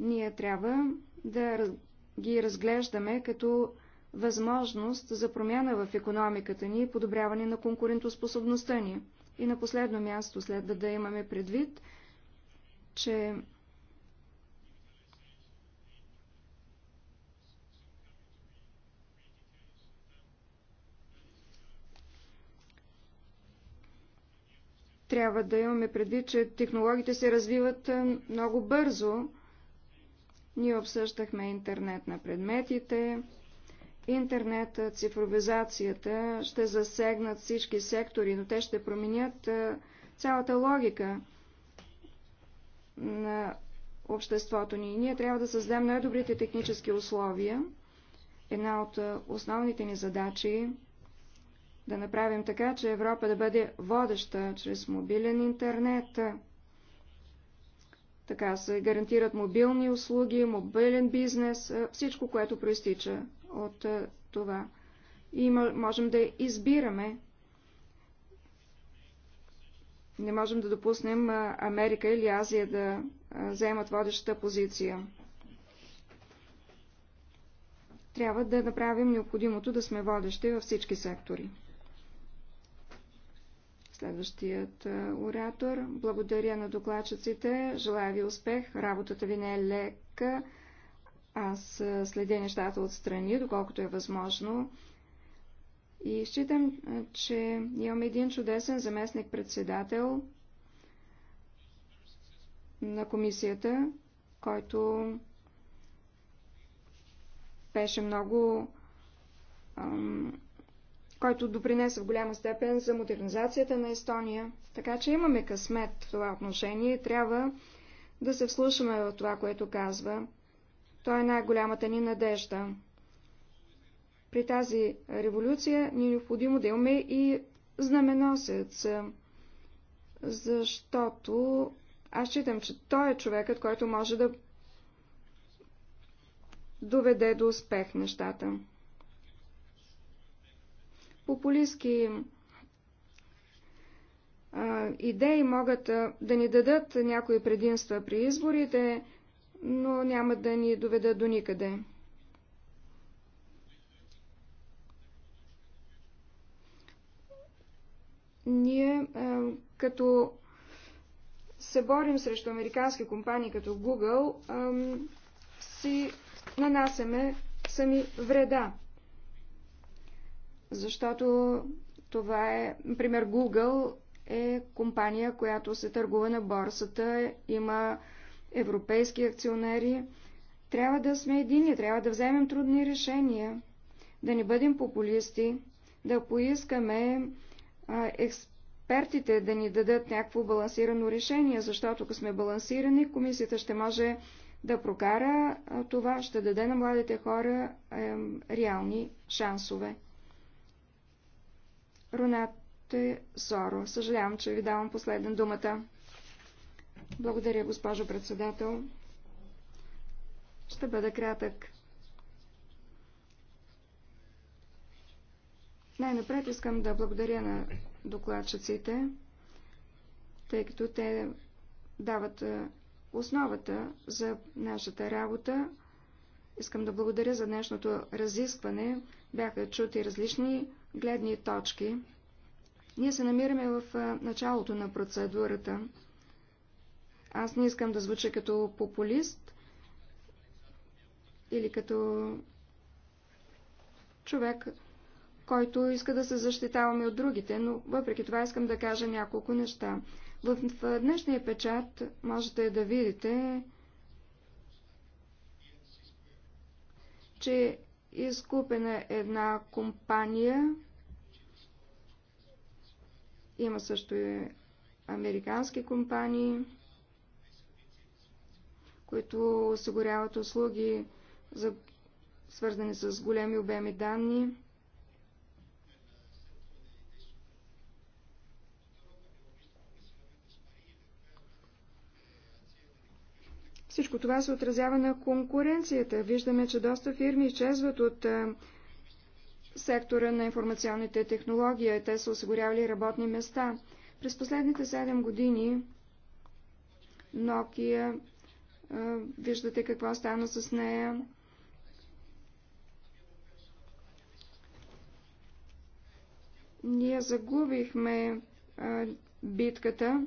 ние трябва да ги разглеждаме като възможност за промяна в економиката ни и подобряване на конкурентоспособността ни. И на последно място следва да имаме предвид, че трябва да имаме предвид, че технологиите се развиват много бързо ние обсъждахме интернет на предметите. Интернет, цифровизацията ще засегнат всички сектори, но те ще променят цялата логика на обществото ни. Ние трябва да създадем най-добрите технически условия. Една от основните ни задачи да направим така, че Европа да бъде водеща чрез мобилен интернет, така се гарантират мобилни услуги, мобилен бизнес, всичко, което проистича от това. И можем да избираме. Не можем да допуснем Америка или Азия да вземат водещата позиция. Трябва да направим необходимото да сме водещи във всички сектори. Следващият е, оратор. Благодаря на докладчиците. Желая ви успех. Работата ви не е лека. Аз е, следя нещата отстрани, доколкото е възможно. И считам, е, че имам един чудесен заместник-председател на комисията, който беше много ам, който допринесе в голяма степен за модернизацията на Естония. Така че имаме късмет в това отношение и трябва да се вслушаме в това, което казва. Той е най-голямата ни надежда. При тази революция ни е необходимо да имаме и знаменосец, защото аз считам, че той е човекът, който може да доведе до успех нещата популистски идеи могат да ни дадат някои предимства при изборите, но няма да ни доведат до никъде. Ние като се борим срещу американски компании като Google, си нанасяме сами вреда защото това е, например, Google е компания, която се търгува на борсата, има европейски акционери. Трябва да сме едини, трябва да вземем трудни решения, да не бъдем популисти, да поискаме а, експертите да ни дадат някакво балансирано решение, защото ако сме балансирани, комисията ще може да прокара а, това, ще даде на младите хора а, реални шансове. Ронате Соро. Съжалявам, че ви давам последна думата. Благодаря, госпожо председател. Ще бъда кратък. Най-напред искам да благодаря на докладчиците, тъй като те дават основата за нашата работа. Искам да благодаря за днешното разискване. Бяха чути различни гледни точки. Ние се намираме в началото на процедурата. Аз не искам да звуча като популист или като човек, който иска да се защитаваме от другите, но въпреки това искам да кажа няколко неща. В, днешния печат можете да видите, че изкупена е една компания. Има също и американски компании, които осигуряват услуги за свързани с големи обеми данни. Всичко това се отразява на конкуренцията. Виждаме, че доста фирми изчезват от сектора на информационните технологии. Те са осигурявали работни места. През последните 7 години Nokia, виждате какво стана с нея. Ние загубихме битката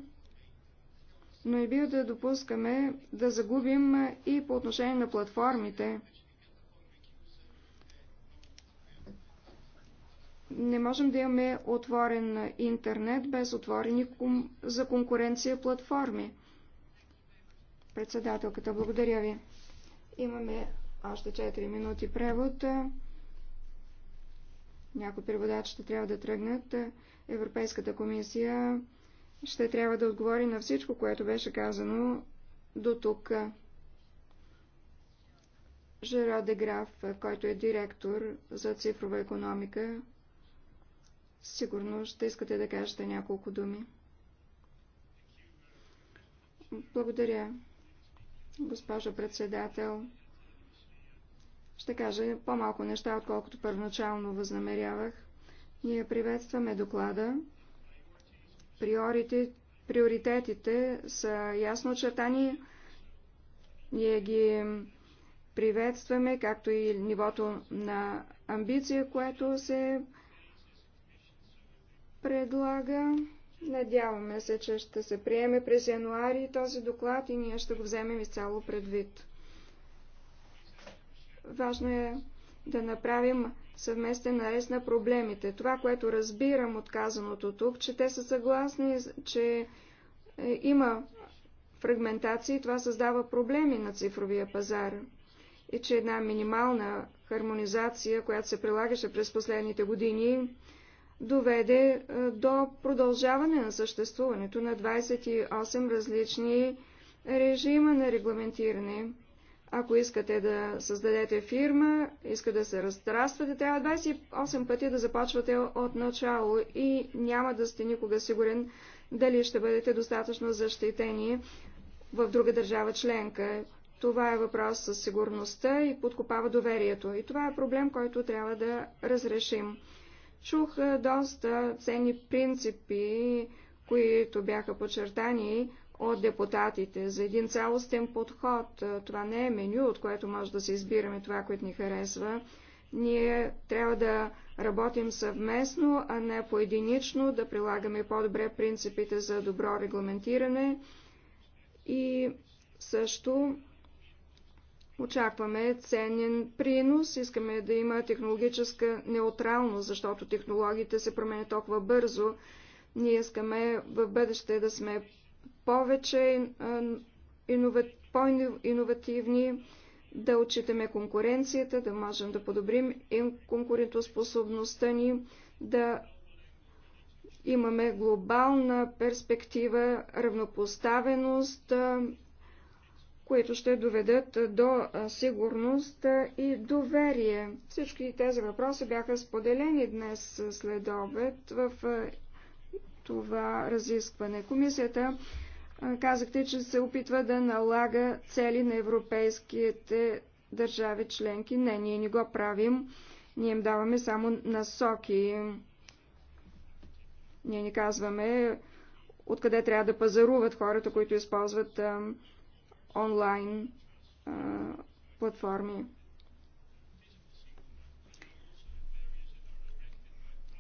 но и е бива да допускаме да загубим и по отношение на платформите. Не можем да имаме отворен интернет без отворени за конкуренция платформи. Председателката, благодаря ви. Имаме още 4 минути превод. Някои преводачите трябва да тръгнат. Европейската комисия ще трябва да отговори на всичко, което беше казано до тук. Жеро де Граф, който е директор за цифрова економика, сигурно ще искате да кажете няколко думи. Благодаря, госпожо председател. Ще кажа по-малко неща, отколкото първоначално възнамерявах. Ние приветстваме доклада, Приорите, приоритетите са ясно очертани. Ние ги приветстваме, както и нивото на амбиция, което се предлага. Надяваме се, че ще се приеме през януари този доклад и ние ще го вземем изцяло предвид. Важно е да направим съвместен нарез на проблемите. Това, което разбирам от казаното тук, че те са съгласни, че е, има фрагментация и това създава проблеми на цифровия пазар и че една минимална хармонизация, която се прилагаше през последните години, доведе е, до продължаване на съществуването на 28 различни режима на регламентиране. Ако искате да създадете фирма, искате да се разтраствате, трябва 28 пъти да започвате от начало и няма да сте никога сигурен дали ще бъдете достатъчно защитени в друга държава членка. Това е въпрос със сигурността и подкопава доверието. И това е проблем, който трябва да разрешим. Чух доста ценни принципи, които бяха подчертани от депутатите за един цялостен подход. Е, това не е меню, от което може да се избираме това, което ни харесва. Ние трябва да работим съвместно, а не поединично, да прилагаме по-добре принципите за добро регламентиране и също Очакваме ценен принос, искаме да има технологическа неутралност, защото технологиите се променят толкова бързо. Ние искаме в бъдеще да сме повече по-инновативни, да отчитаме конкуренцията, да можем да подобрим конкурентоспособността ни, да имаме глобална перспектива, равнопоставеност, които ще доведат до сигурност и доверие. Всички тези въпроси бяха споделени днес след обед в това разискване. Комисията Казахте, че се опитва да налага цели на европейските държави членки. Не, ние не го правим. Ние им даваме само насоки. Ние ни казваме откъде трябва да пазаруват хората, които използват а, онлайн а, платформи.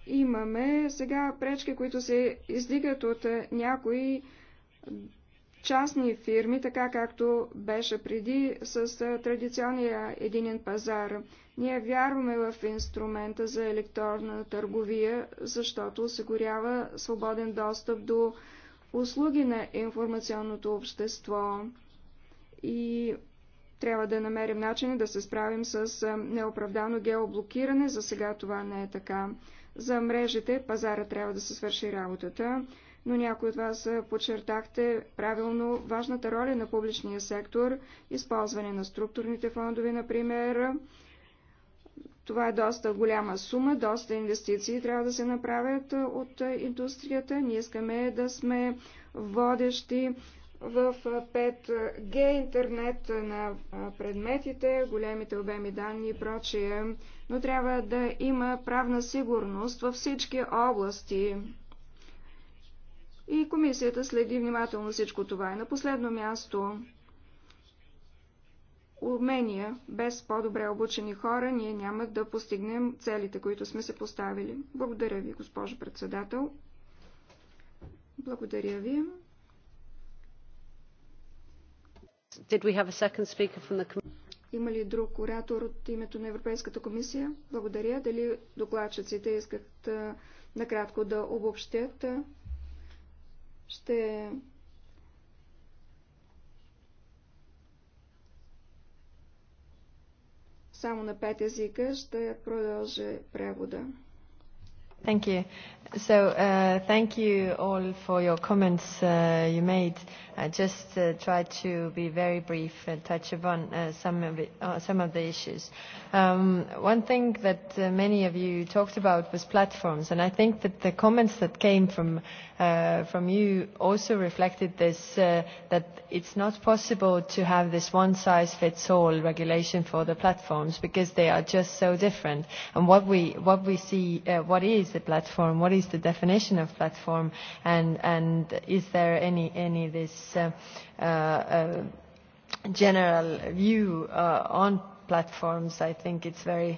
Имаме сега пречки, които се издигат от някои частни фирми, така както беше преди с традиционния единен пазар. Ние вярваме в инструмента за електронна търговия, защото осигурява свободен достъп до услуги на информационното общество и трябва да намерим начин да се справим с неоправдано геоблокиране. За сега това не е така. За мрежите пазара трябва да се свърши работата но някои от вас подчертахте правилно важната роля на публичния сектор, използване на структурните фондове, например. Това е доста голяма сума, доста инвестиции трябва да се направят от индустрията. Ние искаме да сме водещи в 5G, интернет на предметите, големите обеми данни и прочие, но трябва да има правна сигурност във всички области и комисията следи внимателно всичко това. И на последно място, умения. Без по-добре обучени хора ние няма да постигнем целите, които сме се поставили. Благодаря ви, госпожо председател. Благодаря ви. Did we have a second speaker from the Има ли друг оратор от името на Европейската комисия? Благодаря. Дали докладчиците искат накратко да обобщят? ще само на пет езика ще продължи превода. Thank you. So uh, thank you all for your comments uh, you made. I just uh, try to be very brief and touch upon uh, some, of it, uh, some of the issues. Um, one thing that uh, many of you talked about was platforms, and I think that the comments that came from, uh, from you also reflected this, uh, that it's not possible to have this one-size-fits-all regulation for the platforms because they are just so different. And what we, what we see, uh, what is is a platform, what is the definition of platform, and, and is there any, any this uh, uh, general view uh, on platforms? I think it's very uh,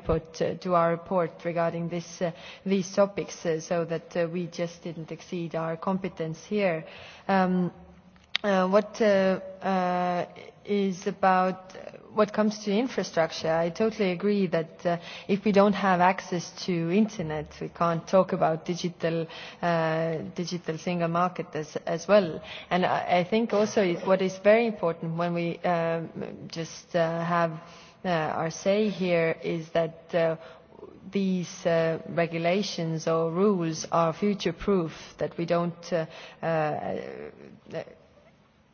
input to our report regarding these topics so that we just didn't exceed our competence here. What is about what comes to infrastructure, I totally agree that uh, if we don't have access to internet, we can't talk about digital uh, digital single market as, as well. And I, I think also what is very important when we um, just uh, have uh, are saying here is that uh, these uh, regulations or rules are future-proof, that we don't uh, uh,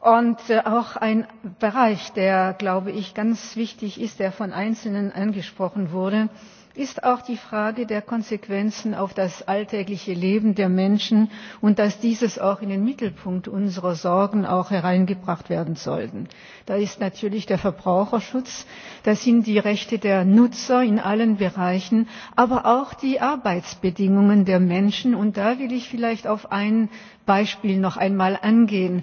und auch ein bereich der glaube ich ganz wichtig ist der von einzelnen angesprochen wurde ist auch die frage der konsequenzen auf das alltägliche leben der menschen und dass diese auch in den mittelpunkt unserer sorgen hereingebracht werden sollten. da ist natürlich der verbraucherschutz da sind die rechte der nutzer in allen bereichen aber auch die arbeitsbedingungen der menschen und da will ich vielleicht auf ein beispiel noch einmal eingehen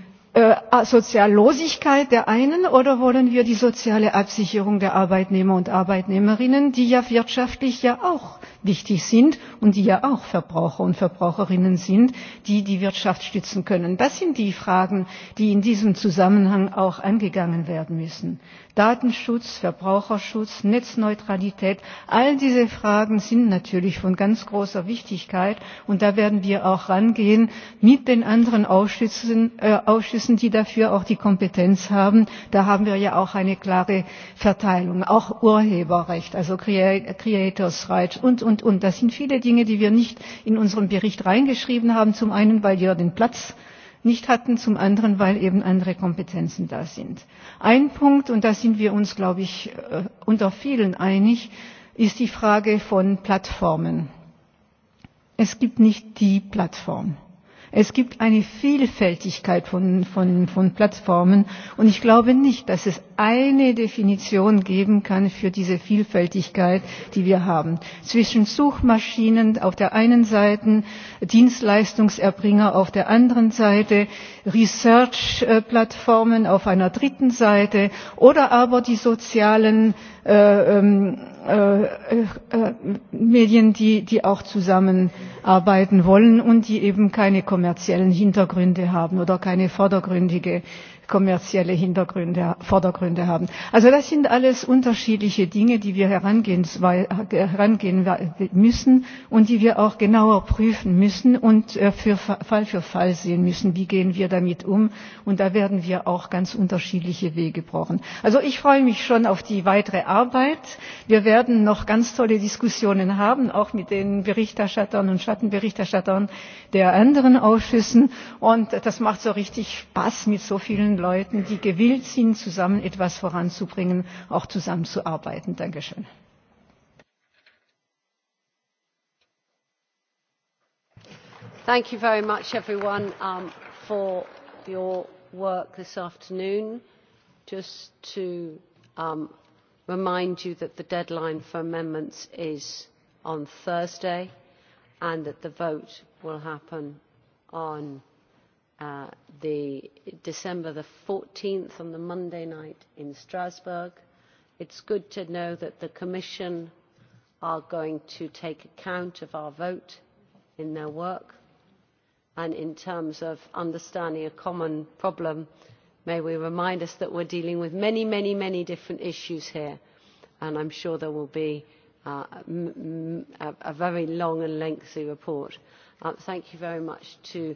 Soziallosigkeit der einen oder wollen wir die soziale Absicherung der Arbeitnehmer und Arbeitnehmerinnen, die ja wirtschaftlich ja auch wichtig sind und die ja auch Verbraucher und Verbraucherinnen sind, die die Wirtschaft stützen können? Das sind die Fragen, die in diesem Zusammenhang auch angegangen werden müssen. Datenschutz, Verbraucherschutz, Netzneutralität, all diese Fragen sind natürlich von ganz großer Wichtigkeit und da werden wir auch rangehen mit den anderen Ausschüssen, äh, Ausschüssen müssen die dafür auch die Kompetenz haben. Da haben wir ja auch eine klare Verteilung, auch Urheberrecht, also Creators Rights und, und, und. Das sind viele Dinge, die wir nicht in unseren Bericht reingeschrieben haben. Zum einen, weil wir den Platz nicht hatten, zum anderen, weil eben andere Kompetenzen da sind. Ein Punkt, und da sind wir uns, glaube ich, unter vielen einig, ist die Frage von Plattformen. Es gibt nicht die Plattform. Es gibt eine Vielfältigkeit von, von, von Plattformen und ich glaube nicht, dass es eine Definition geben kann für diese Vielfältigkeit, die wir haben. Zwischen Suchmaschinen auf der einen Seite, Dienstleistungserbringer auf der anderen Seite, Research-Plattformen auf einer dritten Seite oder aber die sozialen äh, äh, äh, Medien, die, die auch zusammenarbeiten wollen und die eben keine kommerziellen Hintergründe haben oder keine vordergründige kommerzielle Hintergründe, Vordergründe haben. Also das sind alles unterschiedliche Dinge, die wir herangehen, herangehen müssen und die wir auch genauer prüfen müssen und für Fall für Fall sehen müssen, wie gehen wir damit um. Und da werden wir auch ganz unterschiedliche Wege brauchen. Also ich freue mich schon auf die weitere Arbeit. Wir werden noch ganz tolle Diskussionen haben, auch mit den Berichterstattern und Schattenberichterstattern der anderen Ausschüssen. Und das macht so richtig Spaß, mit so vielen leuten die gewillt sind zusammen etwas voranzubringen auch zusammenzuarbeiten. dankeschön. thank you very much everyone for your work this afternoon. just to remind you that the deadline for amendments is on thursday and that the vote will happen on the December the 14th on the Monday night in Strasbourg. It's good to know that the Commission are going to take account of our vote in their work and in terms of understanding a common problem may we remind us that we are dealing with many many many different issues here and i am sure there will be a very long and lengthy report. thank you very much to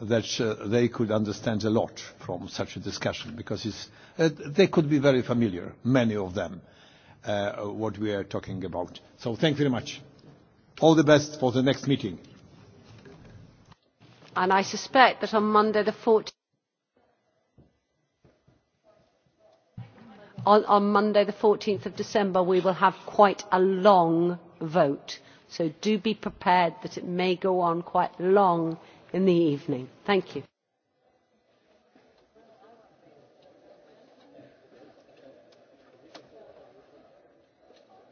that they could understand a lot from such a discussion because it's, uh, they could be very familiar, many of them, uh, what we are talking about. So thank you very much. All the best for the next meeting. And I suspect that on Monday the 14th, on, on Monday the 14th of December we will have quite a long vote. So do be prepared that it may go on quite long in the evening. thank you.